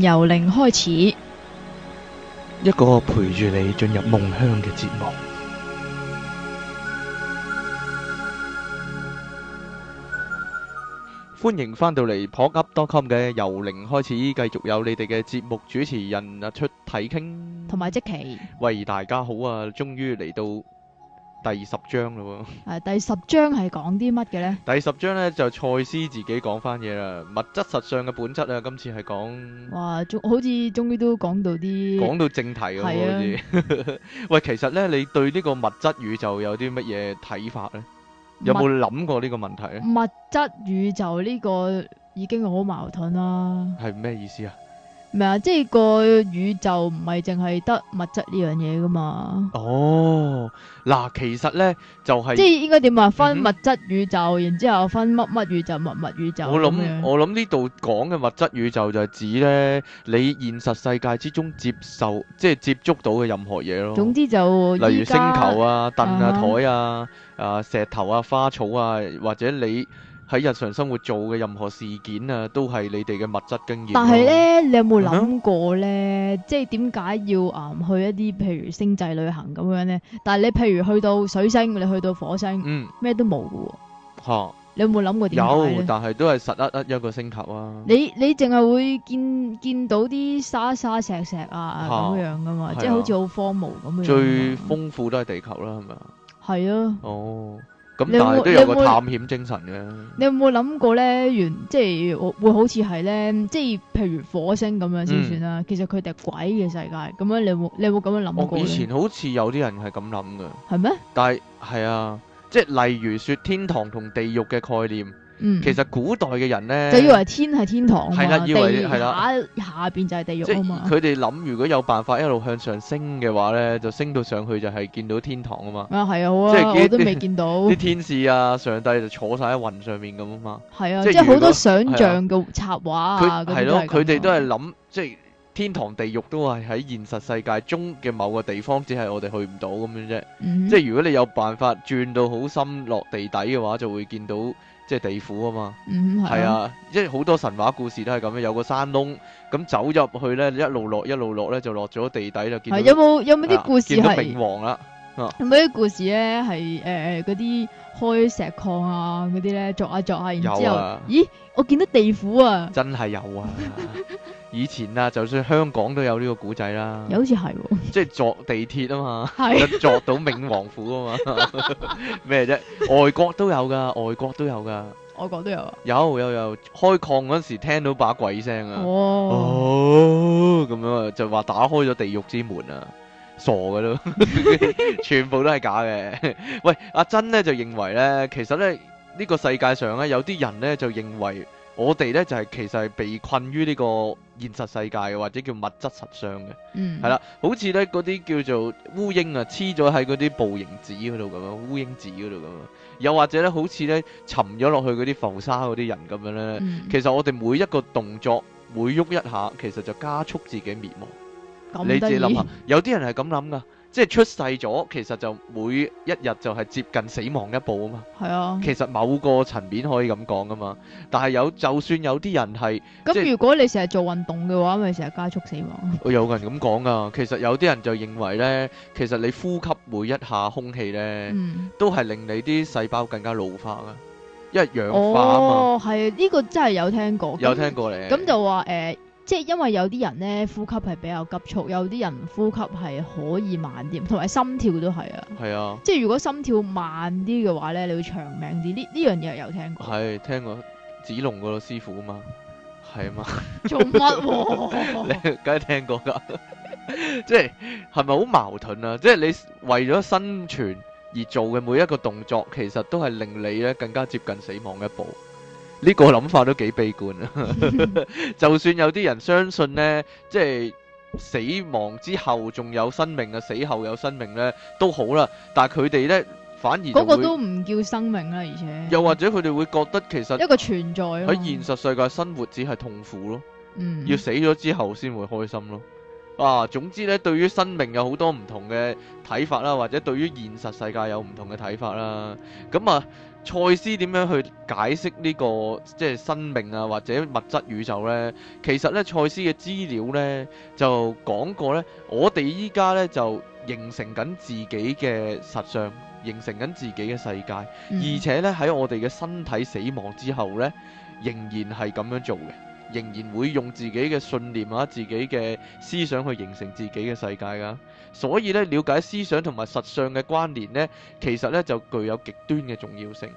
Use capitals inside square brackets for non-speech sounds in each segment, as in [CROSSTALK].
由零開始，一個陪住你進入夢鄉嘅節目。歡迎返到嚟，頗急多襟嘅由零開始，繼續有你哋嘅節目主持人啊出體傾，同埋即奇。喂，大家好啊，終於嚟到。第十章咯喎，係第十章係講啲乜嘅咧？第十章咧就賽斯自己講翻嘢啦，物質實相嘅本質啊，今次係講，哇，終好似終於都講到啲，講到正題咁好似，啊、 [LAUGHS] 喂，其實咧你對呢個物質宇宙有啲乜嘢睇法咧？物有冇諗過呢個問題咧？物質宇宙呢個已經好矛盾啦，係咩意思啊？咩啊、嗯？即係個宇宙唔係淨係得物質呢樣嘢噶嘛？哦，嗱，其實咧就係、是、即係應該點啊？分物質宇宙，嗯、然之後分乜乜宇宙、物物宇宙。我諗想我諗呢度講嘅物質宇宙就係指咧你現實世界之中接受即係接觸到嘅任何嘢咯。總之就例如星球啊、凳啊、台啊、啊石頭啊、花草啊，或者你。喺日常生活做嘅任何事件啊，都係你哋嘅物質經驗。但係咧，你有冇諗過咧？即係點解要啊去一啲譬如星際旅行咁樣咧？但係你譬如去到水星，你去到火星，嗯，咩都冇嘅喎。嚇！你有冇諗過點解咧？有，但係都係實一一一個星球啊。你你淨係會見見到啲沙沙石石啊咁樣噶嘛？即係好似好荒蕪咁樣啊！最豐富都係地球啦，係咪啊？係啊。哦。咁但係都有個探險精神嘅。你有冇諗過咧？原即係我會好似係咧，即係譬如火星咁樣先算啦。嗯、其實佢哋係鬼嘅世界，咁樣你有冇你有冇咁樣諗過？我以前好似有啲人係咁諗噶。係咩嗎？但係係啊，即係例如說天堂同地獄嘅概念。嗯，其實古代嘅人呢，就以為天係天堂啊，地底下邊就係地獄啊嘛。佢哋諗，如果有辦法一路向上升嘅話呢，就升到上去就係見到天堂啊嘛。啊，係啊，即係我都未見到啲天使啊、上帝就坐晒喺雲上面咁啊嘛。係啊，即係好多想像嘅插畫啊。佢係咯，佢哋都係諗，即係天堂、地獄都係喺現實世界中嘅某個地方，只係我哋去唔到咁樣啫。即係如果你有辦法轉到好深落地底嘅話，就會見到。即係地府啊嘛，係、嗯、啊，即係好多神話故事都係咁樣，有個山窿，咁走入去咧，一路落一路落咧，就落咗地底就見到、那個。有冇有冇啲故事係？明王啊，王啊有冇啲故事咧？係誒嗰啲開石礦啊，嗰啲咧鑿下鑿下，然後之後，啊、咦，我見到地府啊，真係有啊。 [LAUGHS] 以前啊，就算香港都有呢個古仔啦，又好似係即係坐地鐵啊嘛，坐 [LAUGHS] 到冥王府啊嘛，咩 [LAUGHS] 啫、啊？外國都有噶，外國都有噶，外國都有啊，有有有開礦嗰時候聽到把鬼聲啊，哦咁、哦、樣啊，就話打開咗地獄之門啊，傻噶咯， [LAUGHS] 全部都係假嘅。 [LAUGHS] 喂，阿珍咧就認為咧，其實咧呢、呢個世界上咧、啊、有啲人咧就認為。我哋呢就係、是、其實係被困於呢個現實世界或者叫物質實相嘅，係啦、嗯，好似呢嗰啲叫做烏蠅啊，黐咗喺嗰啲捕蠅紙嗰度咁樣，烏蠅紙嗰度咁，又或者呢，好似呢沉咗落去嗰啲浮沙嗰啲人咁樣呢。嗯、其實我哋每一個動作，每喐一下，其實就加速自己滅亡。你自己諗下，有啲人係咁諗噶。即係出世咗，其實就每一日就係接近死亡一步啊嘛。係啊，其實某個層面可以咁講㗎嘛。但係有，就算有啲人係，咁那，即，如果你成日做運動嘅話，咪成日加速死亡。有個人咁講㗎，其實有啲人就認為呢，其實你呼吸每一下空氣呢，嗯、都係令你啲細胞更加老化啊，因為氧化嘛。係呢、哦呢個真係有聽過。有聽過咧。咁就話誒。呃即係因為有啲人咧呼吸係比較急促，有啲人呼吸係可以慢啲，同埋心跳都係啊。係是啊。即係如果心跳慢啲嘅話咧，你會長命啲。呢呢樣嘢有聽過？係聽過子龍嗰個師傅啊嘛。係啊嘛。做乜？ [LAUGHS] 你梗係聽過㗎。 [LAUGHS] [LAUGHS] 即係係咪好矛盾啊？即係你為咗生存而做嘅每一個動作，其實都係令你咧更加接近死亡一步。呢個諗法都幾悲觀啊！ [LAUGHS] [LAUGHS] 就算有啲人相信呢，即係死亡之後仲有生命啊，死後有生命呢都好啦。但係佢哋呢，反而嗰個都唔叫生命啦，而且又或者佢哋會覺得其實一個存在喺現實世界生活只係痛苦咯，嗯、要死咗之後先會開心咯。啊，總之呢，對於生命有好多唔同嘅睇法啦，或者對於現實世界有唔同嘅睇法啦，咁啊。賽斯點樣去解釋呢、這個即係生命啊，或者物質宇宙呢？其實呢，賽斯嘅資料呢就講過呢，我哋依家呢，就形成緊自己嘅實相，形成緊自己嘅世界，嗯、而且呢，喺我哋嘅身體死亡之後呢，仍然係咁樣做嘅，仍然會用自己嘅信念啊、自己嘅思想去形成自己嘅世界噶。所以咧，了解思想同埋實相嘅關聯咧，其實咧就具有極端嘅重要性。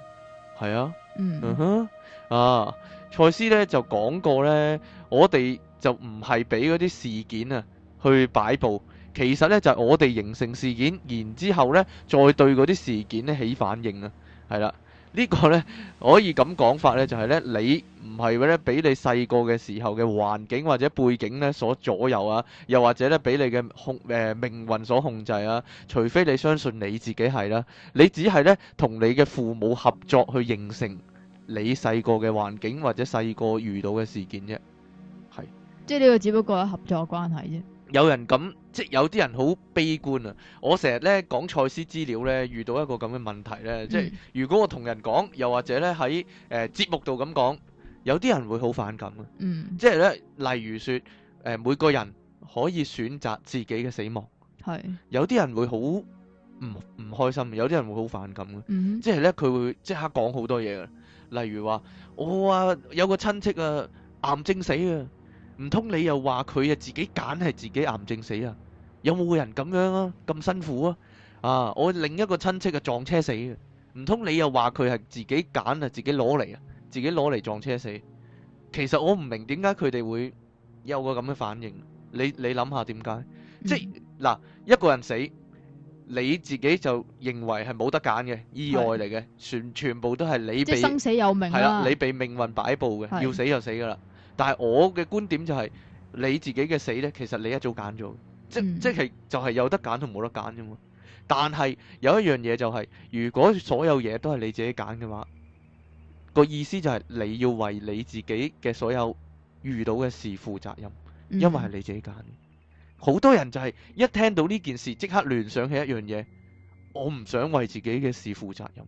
係啊，嗯哼，啊，賽斯咧就講過咧，我哋就唔係俾嗰啲事件啊去擺佈，其實咧就係我哋形成事件，然之後咧再對嗰啲事件咧起反應啊。係啦。呢個呢，可以咁講法呢，就係呢：你唔係咧俾你細個嘅時候嘅環境或者背景呢所左右啊，又或者咧俾你嘅控誒、呃、命運所控制啊，除非你相信你自己係啦，你只係呢同你嘅父母合作去形成你細個嘅環境或者細個遇到嘅事件啫，係，即係呢個只不過係合作關係啫。有人咁，即有啲人好悲觀啊！我成日咧講賽斯資料咧，遇到一個咁嘅問題咧，嗯、即係如果我同人講，又或者咧喺誒節目度咁講，有啲人會好反感嘅。嗯，即係咧，例如說誒、呃，每個人可以選擇自己嘅死亡。係是。有啲人會好唔唔開心，有啲人會好反感嘅。嗯、即係咧，佢會即刻講好多嘢嘅。例如話，我啊有個親戚啊癌症死啊。唔通你又話佢啊自己揀係自己癌症死啊？有冇個人咁樣啊？咁辛苦啊？啊！我另一個親戚啊撞車死嘅。唔通你又話佢係自己揀啊自己攞嚟啊，自己攞嚟撞車死？其實我唔明點解佢哋會有個咁嘅反應。你你諗下點解？即係嗱，一個人死，你自己就認為係冇得揀嘅意外嚟嘅，全全部都係你被生死有命係啦，你被命運擺布嘅，要死就死噶啦。但係我嘅觀點就係、是、你自己嘅死呢，其實你一早揀咗，即、嗯、即係就係、是、有得揀同冇得揀啫嘛。但係有一樣嘢就係、是，如果所有嘢都係你自己揀嘅話，個意思就係、是、你要為你自己嘅所有遇到嘅事負責任，因為係你自己揀。好、嗯、多人就係、是、一聽到呢件事即刻聯想起一樣嘢，我唔想為自己嘅事負責任。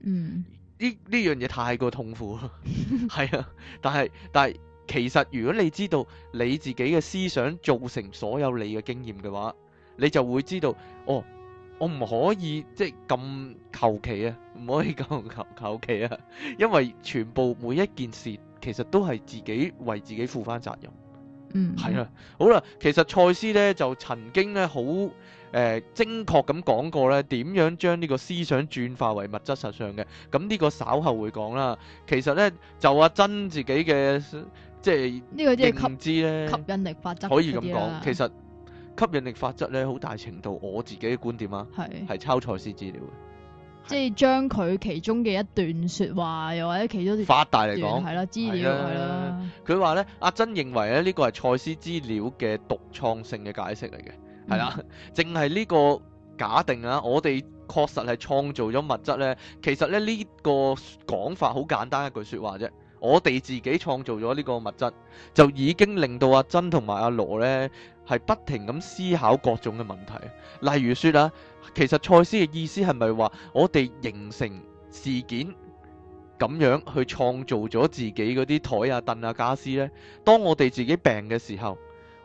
嗯，呢呢樣嘢太過痛苦啦，係 [LAUGHS] [LAUGHS] 啊，但係但係。其實如果你知道你自己嘅思想造成所有你嘅經驗嘅話，你就會知道，哦，我唔可以即係咁求其啊，唔可以咁求求其啊，因為全部每一件事其實都係自己為自己負翻責任。嗯，係啦，好、呃、啦，其實賽斯咧就曾經咧好誒精確咁講過咧，點樣將呢個思想轉化為物質實相嘅，咁呢個稍後會講啦。其實咧就阿珍自己嘅。即係定知咧，呢個係吸引力法則可以咁講。其實吸引力法則咧，好大程度我自己嘅觀點啊，係係抄賽斯資料嘅，即係將佢其中嘅一段説話，又或者其中啲發大嚟講，係啦資料係啦。佢話咧，阿珍認為咧，呢個係賽斯資料嘅獨創性嘅解釋嚟嘅，係啦。淨係呢個假定啊，我哋確實係創造咗物質咧。其實咧呢個講法好簡單嘅一句説話啫。我哋自己創造咗呢個物質，就已經令到阿珍同埋阿羅呢係不停咁思考各種嘅問題，例如説啦，其實賽斯嘅意思係咪話我哋形成事件咁樣去創造咗自己嗰啲台啊、凳啊、傢俬呢？當我哋自己病嘅時候，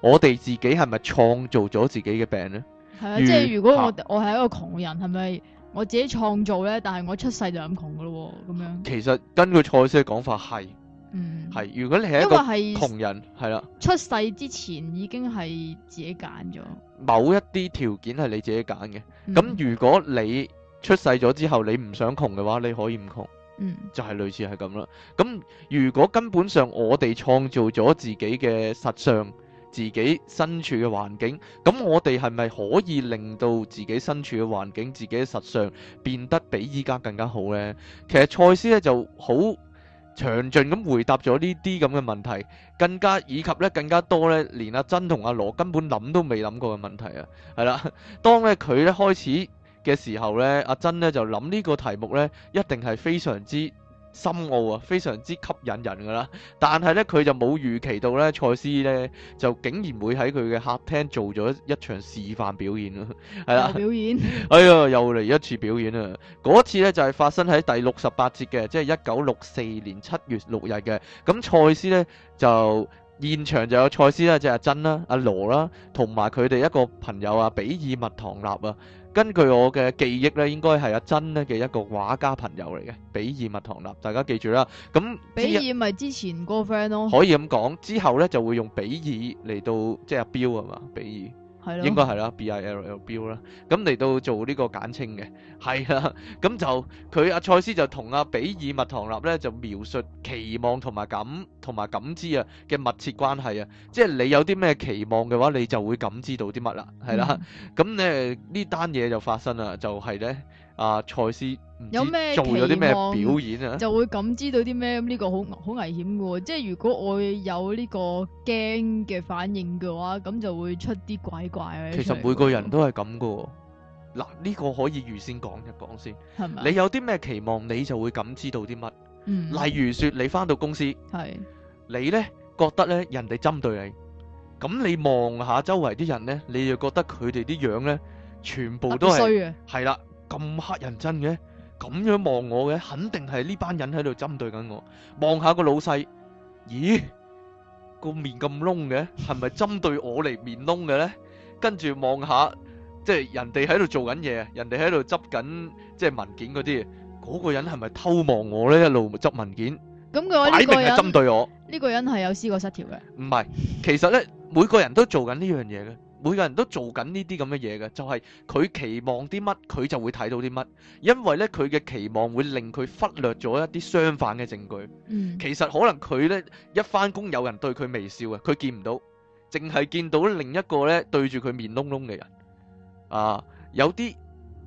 我哋自己係咪創造咗自己嘅病呢？係啊，如即係如果我我係一個窮人，係咪？我自己創造咧，但係我出世就咁窮嘅咯喎，咁樣。其實根據賽斯嘅講法係，係、嗯、如果你係一個窮人，係啦。出世之前已經係自己揀咗某一啲條件係你自己揀嘅。咁、嗯、如果你出世咗之後你唔想窮嘅話，你可以唔窮，嗯、就係類似係咁啦。咁如果根本上我哋創造咗自己嘅實相。自己身處嘅環境，咁我哋係咪可以令到自己身處嘅環境、自己嘅實相變得比依家更加好呢？其實賽斯咧就好詳盡咁回答咗呢啲咁嘅問題，更加以及咧更加多咧，連阿珍同阿羅根本諗都未諗過嘅問題啊，係啦，當咧佢咧開始嘅時候咧，阿珍咧就諗呢個題目咧，一定係非常之。深奧啊，非常之吸引人㗎啦！但係咧，佢就冇預期到咧，賽斯咧就竟然會喺佢嘅客廳做咗一場示範表演咯、啊，係啦！表演， [LAUGHS] 哎呀，又嚟一次表演啊！嗰次咧就係、是、發生喺第六十八節嘅，即係一九六四年七月六日嘅。咁賽斯咧就現場就有賽斯啦，即、就、係、是、阿珍啦、阿羅啦，同埋佢哋一個朋友啊，比爾麥唐納啊。根據我嘅記憶咧，應該係阿珍咧嘅一個畫家朋友嚟嘅，比爾麥唐立，大家記住啦。咁比爾咪之前個 friend 咯，可以咁講。之後咧就會用比爾嚟到，即、就、係、是、阿標啊嘛，比爾。 [NOISE] 應該係啦，B I L L Bill 啦，咁嚟到做呢個簡稱嘅，係啦、啊，咁就佢阿賽斯就同阿比爾麥唐納咧就描述期望同埋感同埋感知啊嘅密切關係啊，即係你有啲咩期望嘅話，你就會感知到啲乜啦，係啦、啊，咁咧呢單嘢就發生啦，就係、是、咧。啊！賽斯有咩做咗啲咩表演啊？就會感知到啲咩？咁呢個好好危險嘅喎。即係如果我有呢個驚嘅反應嘅話，咁就會出啲怪怪嘅。其實每個人都係咁嘅喎。嗱，呢個可以預先講一講先，係咪？你有啲咩期望，你就會感知到啲乜？嗯。例如説，你翻到公司，係你咧覺得咧人哋針對你，咁你望下周圍啲人咧，你就覺得佢哋啲樣咧全部都係衰嘅，係啦。咁黑人憎嘅，咁樣望我嘅，肯定係呢班人喺度針對緊我。望下個老細，咦，個面咁窿嘅，係咪針對我嚟面窿嘅咧？跟住望下，即係人哋喺度做緊嘢啊，人哋喺度執緊即係文件嗰啲，嗰個人係咪偷望我咧？一路執文件，咁佢話呢個人針對我，呢個人係有思覺失調嘅。唔係，其實咧，每個人都做緊呢樣嘢嘅。每個人都做緊呢啲咁嘅嘢嘅，就係佢期望啲乜，佢就會睇到啲乜，因為呢佢嘅期望會令佢忽略咗一啲相反嘅證據。其實可能佢呢一返工有人對佢微笑嘅，佢見唔到，淨係見到另一個呢對住佢面燶燶嘅人。啊，有啲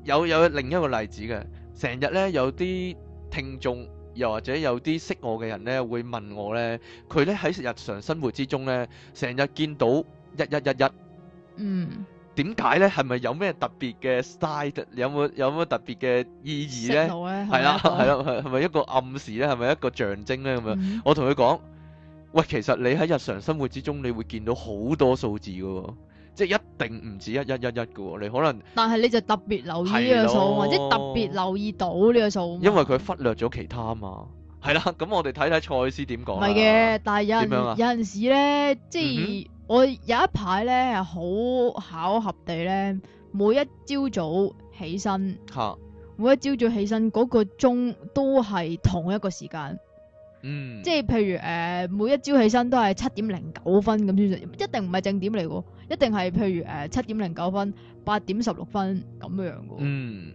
有有另一個例子嘅，成日呢有啲聽眾又或者有啲識我嘅人呢會問我呢，佢呢喺日常生活之中呢成日見到日日日日。嗯，點解咧？係咪有咩特別嘅 style？有冇有冇特別嘅意義咧？係啦，係啦，係咪一個暗示咧？係咪一個象徵咧？咁樣，嗯、我同佢講，喂，其實你喺日常生活之中，你會見到好多數字嘅，即係一定唔止一、一、一、一嘅，你可能，但係你就特別留意呢個數，或者特別留意到呢個數，因為佢忽略咗其他啊嘛。係啦，咁我哋睇睇賽斯點講啦。唔係嘅，但係有陣有陣時咧，即係、嗯、哼我有一排咧，好巧合地咧，每一朝早起身，哈每一朝早起身嗰個鐘都係同一個時間。嗯，呃呃、嗯，即係譬如誒，每一朝起身都係七點零九分咁先，一定唔係正點嚟嘅，一定係譬如誒七點零九分、八點十六分咁樣樣嘅。嗯，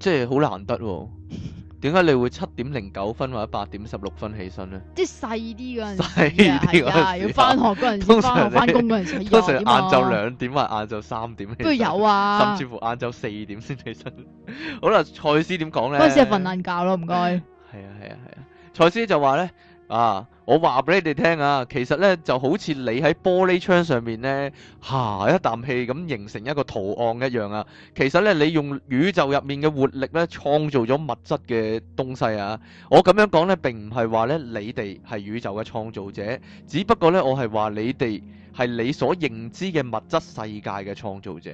即係好難得、哦。 [LAUGHS] 點解你會七點零九分或者八點十六分起身咧？即係細啲嗰陣，係啊，要返學嗰陣，返工嗰陣時，通常晏晝兩點或晏晝三點起都有啊，有啊甚至乎晏晝四點先起身。 [LAUGHS] 好啦，賽斯點講咧？嗰時係瞓晏覺咯，唔該。係啊係啊係啊，賽斯、啊啊、就話咧。啊！我話俾你哋聽啊，其實咧就好似你喺玻璃窗上面咧下、啊、一啖氣咁形成一個圖案一樣啊。其實咧，你用宇宙入面嘅活力咧創造咗物質嘅東西啊。我咁樣講咧並唔係話咧你哋係宇宙嘅創造者，只不過咧我係話你哋係你所認知嘅物質世界嘅創造者。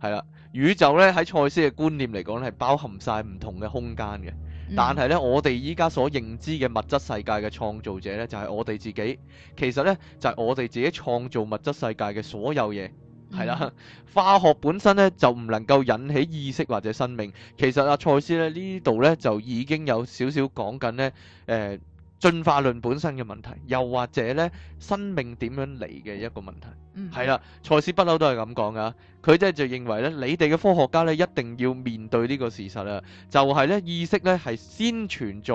係啦，宇宙咧喺賽斯嘅觀念嚟講咧係包含晒唔同嘅空間嘅。但係咧，我哋依家所認知嘅物質世界嘅創造者咧，就係、是、我哋自己。其實咧，就係、是、我哋自己創造物質世界嘅所有嘢，係啦、嗯。化學本身咧就唔能夠引起意識或者生命。其實阿、啊、賽斯咧呢度咧就已經有少少講緊咧誒進化論本身嘅問題，又或者咧生命點樣嚟嘅一個問題，係啦、mm，賽、hmm. 斯不嬲都係咁講噶，佢即係就認為咧，你哋嘅科學家咧一定要面對呢個事實啦，就係、是、咧意識咧係先存在，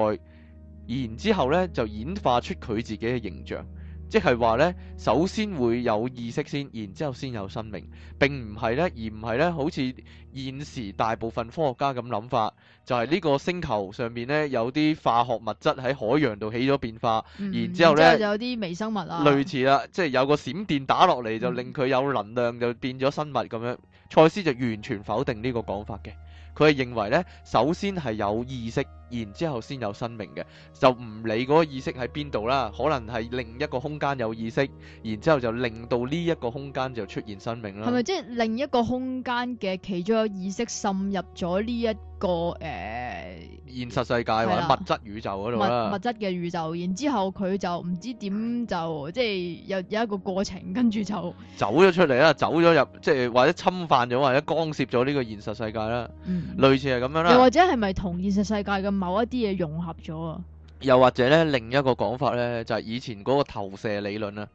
然之後咧就演化出佢自己嘅形象。即係話呢，首先會有意識先，然之後先有生命，並唔係呢，而唔係呢。好似現時大部分科學家咁諗法，就係、是、呢個星球上面呢，有啲化學物質喺海洋度起咗變化，嗯、然之後呢，後就有啲微生物啊，類似啦，即、就、係、是、有個閃電打落嚟就令佢有能量就變咗生物咁樣。賽、嗯、斯就完全否定呢個講法嘅，佢係認為呢，首先係有意識。然之後先有生命嘅，就唔理個意識喺邊度啦。可能係另一個空間有意識，然之後就令到呢一個空間就出現生命啦。係咪即係另一個空間嘅其中有意識滲入咗呢一個誒、呃、現實世界或者物質宇宙度、啊、物,物質嘅宇宙，然之後佢就唔知點就即係有有一個過程，跟住就走咗出嚟啦，走咗入即係或者侵犯咗或者干涉咗呢個現實世界啦。嗯，類似係咁樣啦。又或者係咪同現實世界咁？某一啲嘢融合咗啊，又或者咧，另一個講法咧，就係、是、以前嗰個投射理論啊，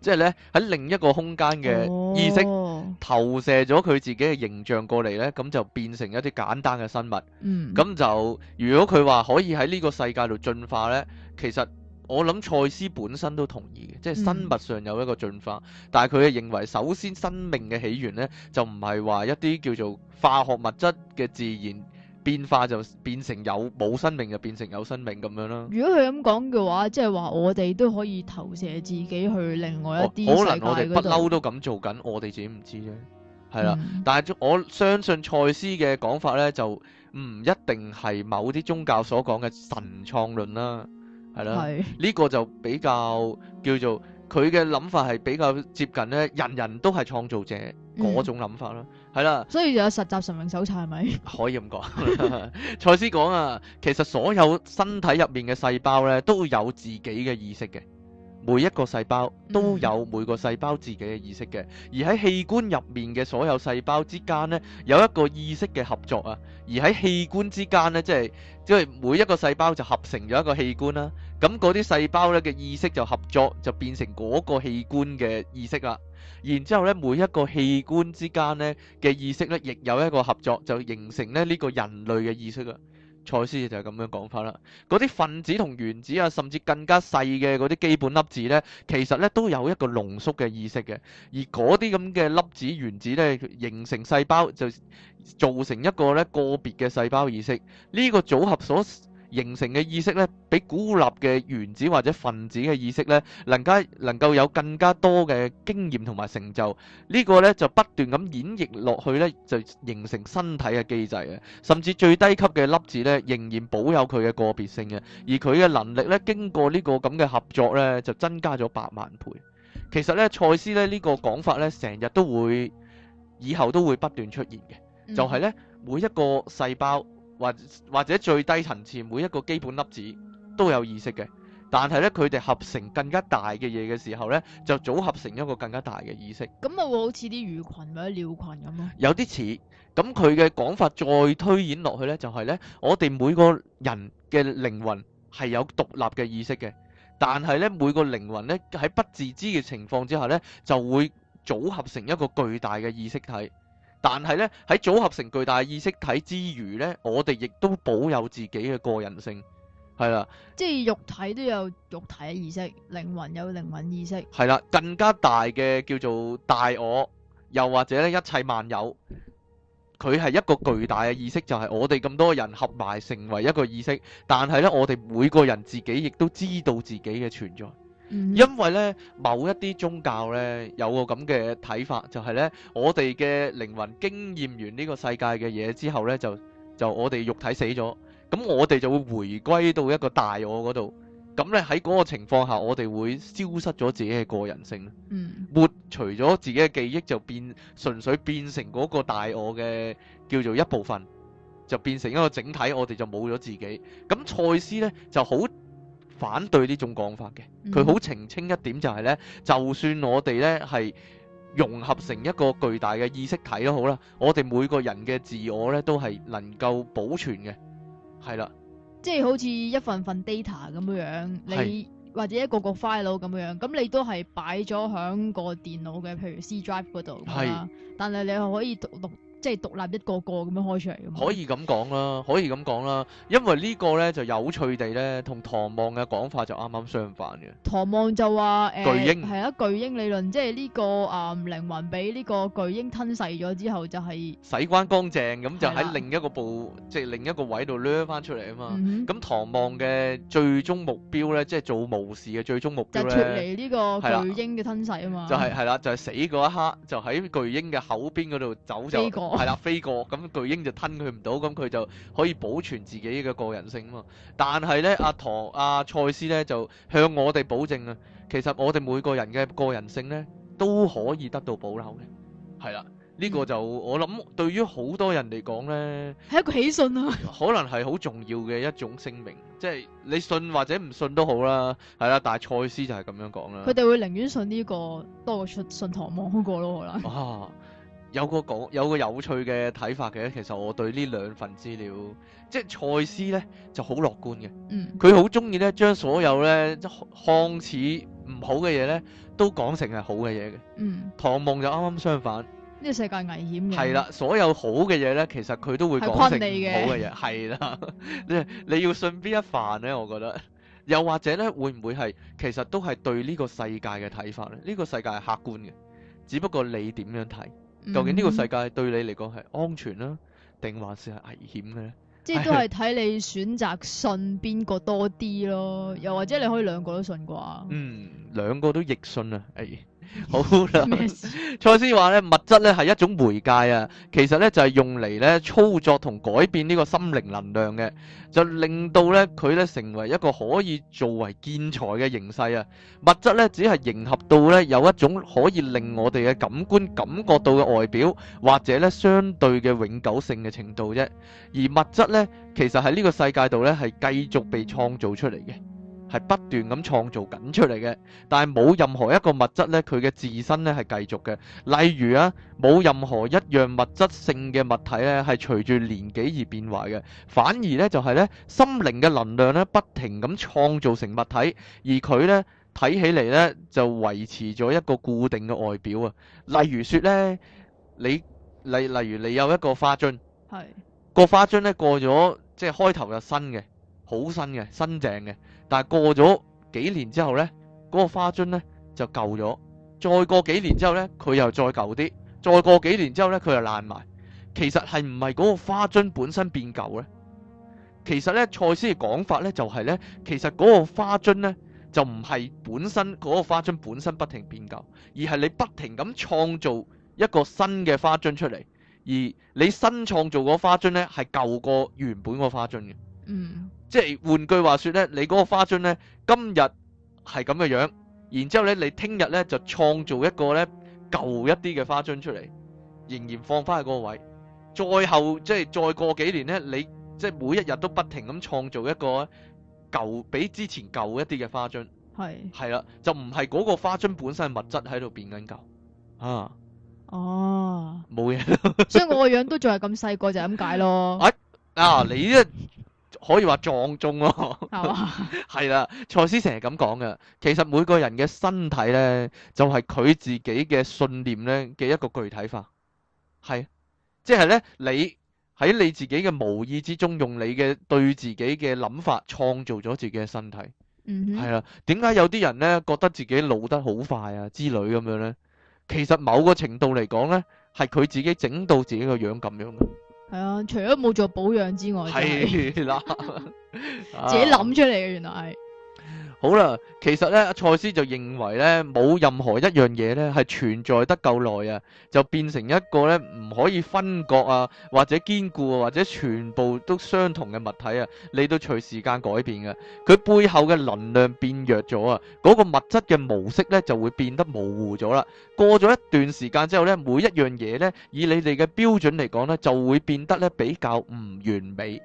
即係咧，喺另一個空間嘅意識、哦、投射咗佢自己嘅形象過嚟咧，咁就變成一啲簡單嘅生物。嗯，咁就如果佢話可以喺呢個世界度進化咧，其實我諗賽斯本身都同意嘅，即係生物上有一個進化，嗯、但係佢係認為首先生命嘅起源咧，就唔係話一啲叫做化學物質嘅自然。變化就變成有冇生命就變成有生命咁樣啦。如果佢咁講嘅話，即係話我哋都可以投射自己去另外一啲世界嗰度。哦，可能我哋不嬲都咁做緊，我哋自己唔知啫。係啦，嗯、但係我相信賽斯嘅講法呢，就唔一定係某啲宗教所講嘅神創論啦。係啦，呢是個就比較叫做佢嘅諗法係比較接近呢人人都係創造者嗰種諗法啦。嗯係啦，所以就有實習神明手冊係咪？是，是可以咁講，賽斯講啊，其實所有身體入面嘅細胞咧都有自己嘅意識嘅，每一個細胞都有每個細胞自己嘅意識嘅，嗯、而喺器官入面嘅所有細胞之間呢，有一個意識嘅合作啊，而喺器官之間呢，即係。即係每一個細胞就合成咗一個器官啦，咁嗰啲細胞咧嘅意識就合作就變成嗰個器官嘅意識啦，然之後咧每一個器官之間咧嘅意識咧亦有一個合作就形成咧呢個人類嘅意識啦。賽斯就係咁樣講法啦，嗰啲分子同原子啊，甚至更加細嘅嗰啲基本粒子呢，其實呢都有一個濃縮嘅意識嘅，而嗰啲咁嘅粒子原子呢，形成細胞，就造成一個呢個別嘅細胞意識，呢、這個組合所。形成嘅意識咧，比孤立嘅原子或者分子嘅意識咧，能加能夠有更加多嘅經驗同埋成就。呢個咧就不斷咁演繹落去咧，就形成身體嘅機制啊！甚至最低級嘅粒子咧，仍然保有佢嘅個別性嘅，而佢嘅能力咧，經過呢個咁嘅合作咧，就增加咗百萬倍。其實咧，賽斯咧呢個講法咧，成日都會以後都會不斷出現嘅，就係咧每一個細胞。或或者最低層次每一個基本粒子都有意識嘅，但係咧佢哋合成更加大嘅嘢嘅時候咧，就組合成一個更加大嘅意識。咁咪會好似啲魚群或者鳥群咁咯？有啲似。咁佢嘅講法再推演落去咧，就係咧，我哋每個人嘅靈魂係有獨立嘅意識嘅，但係咧每個靈魂咧喺不自知嘅情況之下咧，就會組合成一個巨大嘅意識體。但係呢，喺組合成巨大意識體之餘呢，我哋亦都保有自己嘅個人性，係啦。即係肉體都有肉體意識，靈魂有靈魂意識。係啦，更加大嘅叫做大我，又或者一切萬有，佢係一個巨大嘅意識，就係我哋咁多人合埋成為一個意識。但係呢，我哋每個人自己亦都知道自己嘅存在。因為呢，某一啲宗教呢，有個咁嘅睇法，就係、是、呢：我哋嘅靈魂經驗完呢個世界嘅嘢之後呢，就就我哋肉體死咗，咁我哋就會回歸到一個大我嗰度。咁呢，喺嗰個情況下，我哋會消失咗自己嘅個人性，嗯、抹除咗自己嘅記憶，就變純粹變成嗰個大我嘅叫做一部分，就變成一個整體，我哋就冇咗自己。咁賽斯呢，就好。反對呢種講法嘅，佢好澄清一點就係、是、咧，嗯、就算我哋咧係融合成一個巨大嘅意識體都好啦，我哋每個人嘅自我咧都係能夠保存嘅，係啦，即係好似一份份 data 咁樣，樣，你是或者一個個 file 咁樣，樣，咁你都係擺咗響個電腦嘅，譬如 C drive 嗰度啦，是但係你又可以讀。讀。即係獨立一個一個咁樣開出嚟嘅，可以咁講啦，可以咁講啦，因為這個呢個咧就有趣地咧，同唐望嘅講法就啱啱相反嘅。唐望就話誒，係、呃、啊英，巨鷹理論，即係呢個啊、呃、靈魂俾呢個巨鷹吞噬咗之後、就是，就係洗翻乾淨咁，就喺另一個部，即係的另一個位度掠翻出嚟啊嘛。咁、嗯、哼唐望嘅最終目標咧，即、就、係、是、做無事嘅最終目標咧，就脫離呢個巨鷹嘅吞噬啊嘛。就係係啦，就係死嗰一刻，就喺巨鷹嘅口邊嗰度走走、這個。係啦， [LAUGHS] 飛過咁巨鷹就吞佢唔到，咁佢就可以保存自己嘅個人性嘛。但係咧，阿唐阿賽斯咧就向我哋保證啊，其實我哋每個人嘅個人性咧都可以得到保留嘅。係啦，呢、這個就、嗯、我諗對於好多人嚟講咧係一個喜訊啊 [LAUGHS] ，可能係好重要嘅一種聲明，即、就、係、是、你信或者唔信都好啦，係啦。但係賽斯就係咁樣講啦。佢哋會寧願信呢、這個多過信唐望好過咯，可能。 [LAUGHS] 有個講有個有趣嘅睇法嘅，其實我對呢兩份資料，即係賽斯咧就好樂觀嘅，嗯，佢好中意咧將所有咧看似唔好嘅嘢咧都講成係好嘅嘢嘅，嗯，唐夢就啱啱相反，呢個世界危險嘅，係啦，所有好嘅嘢咧，其實佢都會講成唔好嘅嘢係啦。你你要信邊一範咧？我覺得又或者咧，會唔會係其實都係對呢個世界嘅睇法咧？呢、這個世界係客觀嘅，只不過你點樣睇？究竟呢個世界對你嚟講係安全啦、啊，定、嗯、還是係危險嘅、啊、咧？即係都係睇你選擇信邊個多啲咯，又或者你可以兩個都信啩？嗯，兩個都亦信啊！誒、哎。 [LAUGHS] 好啦了，賽斯話咧物質咧係一種媒介啊，其實咧就係用嚟咧操作同改變呢個心靈能量嘅，就令到咧佢咧成為一個可以作為建材嘅形式啊。物質咧只係迎合到咧有一種可以令我哋嘅感官感覺到嘅外表，或者咧相對嘅永久性嘅程度啫。而物質咧其實喺呢個世界度咧係繼續被創造出嚟嘅。係不斷咁創造緊出嚟嘅，但係冇任何一個物質呢，佢嘅自身呢係繼續嘅。例如啊，冇任何一樣物質性嘅物體呢，係隨住年紀而變壞嘅，反而呢，就係、是、呢，心靈嘅能量呢，不停咁創造成物體，而佢呢，睇起嚟呢，就維持咗一個固定嘅外表啊。例如説呢，你例例如你有一個花樽，係是個花樽呢過咗，即係開頭就新嘅。好新嘅，新淨嘅。但係過咗幾年之後呢，嗰個花樽呢，就舊咗。再過幾年之後呢，佢又再舊啲。再過幾年之後呢，佢又爛埋。其實係唔係嗰個花樽本身變舊呢？其實呢，賽斯嘅講法呢，就係呢，其實嗰個花樽呢，就唔係本身嗰個花樽本身不停變舊，而係你不停咁創造一個新嘅花樽出嚟，而你新創造嗰花樽呢，係舊過原本個花樽嘅。嗯。即係換句話說咧，你嗰個花樽咧，今日係咁嘅樣，然之後咧，你聽日咧就創造一個咧舊一啲嘅花樽出嚟，仍然放翻喺個位，再後即係再過幾年咧，你即係每一日都不停咁創造一個舊比之前舊一啲嘅花樽，係係啦，就唔係嗰個花樽本身嘅物質喺度變緊舊啊，哦、啊，冇嘢，所以我個樣都仲係咁細個就係咁解咯，啊啊你咧？ [LAUGHS] 可以話撞中咯，係啦，賽斯成日咁講嘅。其實每個人嘅身體咧，就係、是、佢自己嘅信念咧嘅一個具體化，係，即係咧，你喺你自己嘅無意之中，用你嘅對自己嘅諗法創造咗自己嘅身體，嗯、mm，係、hmm. 啦。點解有啲人咧覺得自己老得好快啊之類咁樣咧？其實某個程度嚟講咧，係佢自己整到自己個樣咁樣嘅。係啊，除咗冇做保養之外，係啦、啊， [LAUGHS] 自己諗出嚟嘅，啊、原來係好啦，其實咧，阿賽斯就認為咧，冇任何一樣嘢咧係存在得夠耐啊，就變成一個咧唔可以分割啊，或者堅固啊，或者全部都相同嘅物體啊，你都隨時間改變嘅。佢背後嘅能量變弱咗啊，嗰個物質嘅模式咧就會變得模糊咗啦。過咗一段時間之後咧，每一樣嘢咧，以你哋嘅標準嚟講咧，就會變得咧比較唔完美，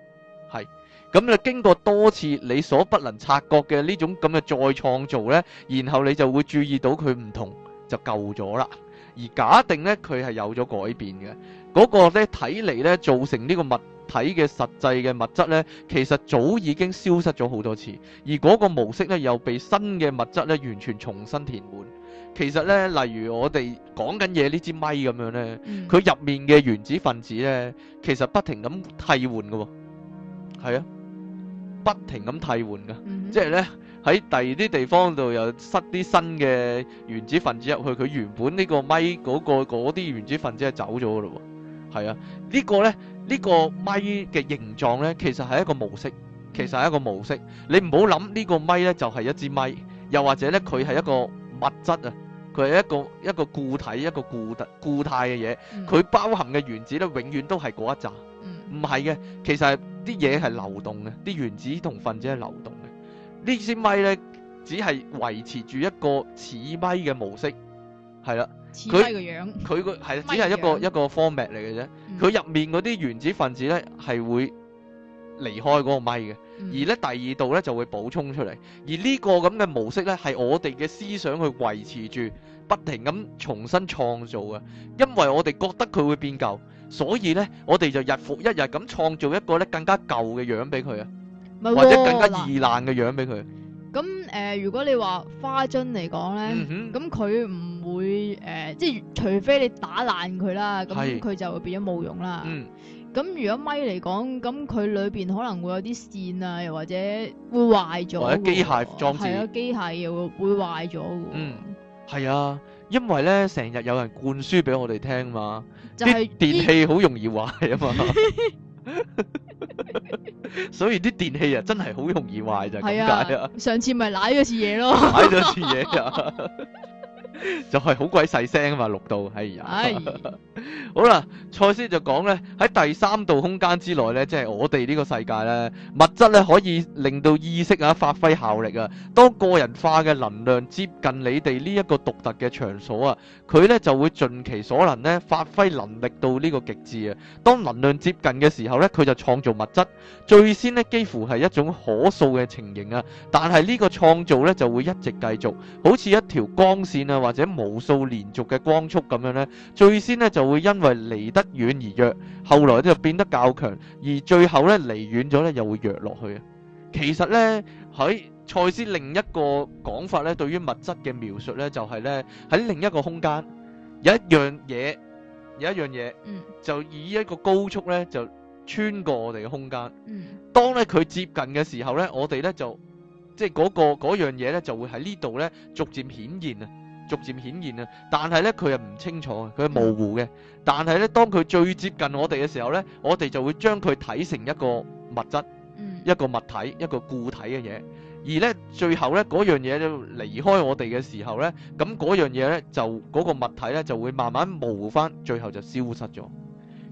係。咁就經過多次你所不能察覺嘅呢種咁嘅再創造呢，然後你就會注意到佢唔同就夠咗啦。而假定呢，佢係有咗改變嘅嗰、那個呢，睇嚟呢，造成呢個物體嘅實際嘅物質呢，其實早已經消失咗好多次，而嗰個模式呢，又被新嘅物質呢完全重新填滿。其實呢，例如我哋講緊嘢呢支咪咁樣呢，佢入、嗯、面嘅原子分子呢，其實不停咁替換㗎喎，係啊。不停咁替換嘅，即係咧喺第二啲地方度又塞啲新嘅原子分子入去，佢原本呢個咪嗰、嗰個嗰啲、嗰個、原子分子係走咗嘅咯喎，係啊，呢個、呢、呢個咧呢個咪嘅形狀咧，其實係一個模式，其實係一個模式，你唔好諗呢個咪咧就係、係、一支咪，又或者咧佢係一個物質啊，佢係一個一個固體一個固固態嘅嘢，佢、嗯、包含嘅原子咧永遠都係嗰一紮，唔係嘅，其實係。啲嘢係流動嘅，啲原子同分子係流動嘅。呢支咪呢，只係維持住一個似咪嘅模式，係啦。似咪嘅樣，佢個係只係一個一個 format 嚟嘅啫。佢入、嗯、面嗰啲原子分子呢，係會離開嗰個咪嘅，嗯、而呢第二度呢，就會補充出嚟。而呢個咁嘅模式呢，係我哋嘅思想去維持住，不停咁重新創造嘅，因為我哋覺得佢會變舊。所以咧，我哋就日復一日咁創造一個咧更加舊嘅樣俾佢啊，或者更加易爛嘅樣俾佢。咁誒、呃，如果你話花樽嚟講咧，咁佢唔會誒、呃，即係除非你打爛佢啦，咁佢的就會變咗冇用啦。咁、嗯、如果咪嚟講，咁佢裏邊可能會有啲線啊，又或者會壞咗、啊。或者機械裝置。係啊，機械又會壞咗嘅、啊。嗯，係啊。因為咧，成日有人灌輸俾我哋聽嘛，啲、即係、電器好容易壞啊嘛，所以啲電器啊真係好容易壞就係咁解啊！上次咪瀨咗次嘢咯，瀨 [LAUGHS] 咗次嘢㗎、啊。 [LAUGHS] [LAUGHS] 就係好鬼細聲啊嘛，錄到係、哎、呀。哎、 [LAUGHS] 好啦，賽斯就講呢，喺第三度空間之內呢，即係我哋呢個世界呢，物質呢可以令到意識啊發揮效力啊。當個人化嘅能量接近你哋呢一個獨特嘅場所啊，佢呢就會盡其所能呢發揮能力到呢個極致啊。當能量接近嘅時候呢，佢就創造物質。最先呢幾乎係一種可塑嘅情形啊，但係呢個創造呢就會一直繼續，好似一條光線啊。或者無數連續嘅光速咁樣咧，最先咧就會因為離得遠而弱，後來咧就變得較強，而最後咧離遠咗咧又會弱落去啊。其實咧喺賽斯另一個講法咧，對於物質嘅描述咧就係咧喺另一個空間有一樣嘢，有一樣嘢就以一個高速咧就穿過我哋嘅空間。當咧佢接近嘅時候咧，我哋咧就即係嗰個嗰樣嘢咧就會喺呢度咧逐漸顯現啊。逐漸顯現啊，但係咧佢又唔清楚，佢係模糊嘅。但係咧，當佢最接近我哋嘅時候咧，我哋就會將佢睇成一個物質，嗯、一個物體，一個固體嘅嘢。而咧最後咧嗰樣嘢就離開我哋嘅時候咧，咁嗰樣嘢咧就嗰個物體咧就會慢慢模糊翻，最後就消失咗。